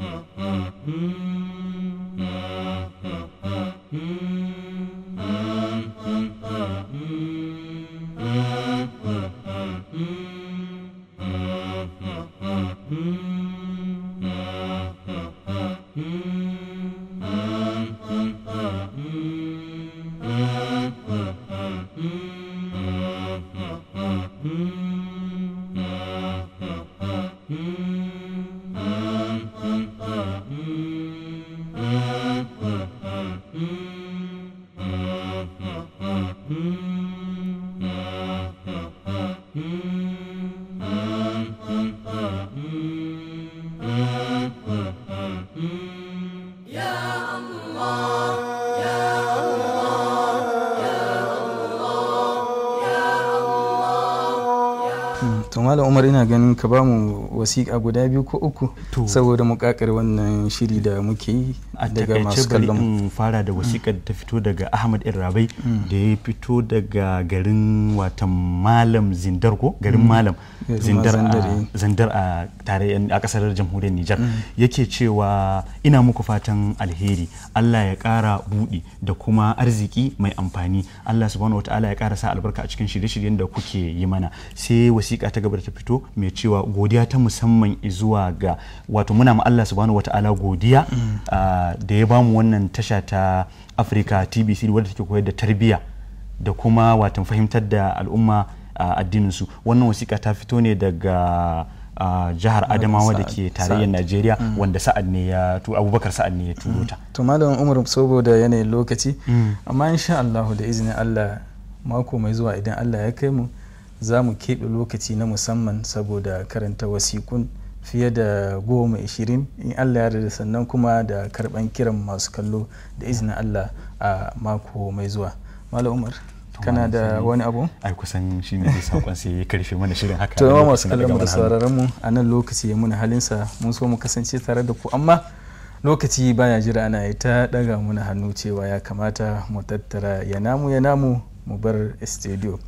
malam umar ina ganin ka bamu wasiƙa guda biyu ko uku saboda mu kakar wannan shiri da muke yi daga masu kallon mu fara da wasiƙar ta fito daga ahmad irrabai mm. da ya fito daga garin watan malam zindar ko garin mm. malam eh. zindar a tare a kasar jamhuriyar nijar mm. yake cewa ina muku fatan alheri allah ya ƙara buɗi da kuma arziki mai amfani allah subhanahu wataala ya ƙara sa albarka a cikin shirye-shiryen da kuke yi mana sai wasiƙa ta gaba da ta fito mai cewa godiya ta musamman zuwa ga wato muna ma Allah subhanahu wata'ala godiya mm. da ya bamu wannan tasha ta afirka TBC wadda take koyar da tarbiyya da kuma watan fahimtar da al'umma addinin su wannan wasiƙa ta fito ne daga jihar adamawa da ke tarayyar najeriya mm. wanda sa'ad ne ya tu abubakar sa'ad ne ya turo mm. ta to malamin umar saboda yanayin lokaci amma insha Allah da izinin Allah mako mai zuwa idan Allah ya kai mu za mu keɓe lokaci na musamman saboda karanta wasiƙun fiye da goma ishirin in allah ya da sannan kuma da karɓan kiran masu kallo da izinin allah a mako mai zuwa malam umar kana da wani abu ai kusan shi ne sakon sai ya karfe mana shirin haka to ma masu kallon da sauraron mu a nan lokaci ya muna halinsa mun so mu kasance tare da ku amma lokaci baya jira ana yi ta daga muna hannu cewa ya kamata mu tattara ya namu ya namu mu bar studio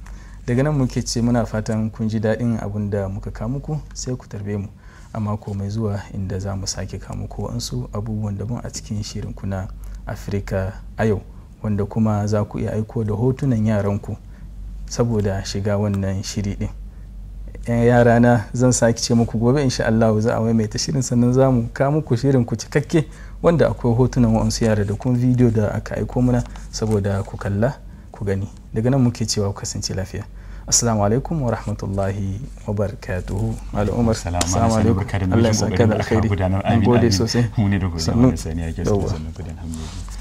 daga nan muke ce muna fatan kun ji daɗin abin da muka kamuku sai ku tarbe mu a mako mai zuwa inda za mu sake kamuku wa'ansu abubuwan daban a cikin shirin kuna afirka a yau wanda kuma za ku iya aiko da hotunan yaranku saboda shiga wannan shiri ɗin yan yara na zan sake ce muku gobe insha Allah za a mai ta shirin sannan za mu ku ku shirin ku cikakke wanda akwai hotunan wa'ansu yara da kuma bidiyo da aka aiko mana saboda ku kalla ku gani daga nan muke cewa ku kasance lafiya assalamu alaikum wa rahmatullahi wa barakatuhu al'umar assalamu alaikum Allah ya saka da alkhairi mun gode sosai mu ne da godiya da sani yake sosai gudan hamdulillah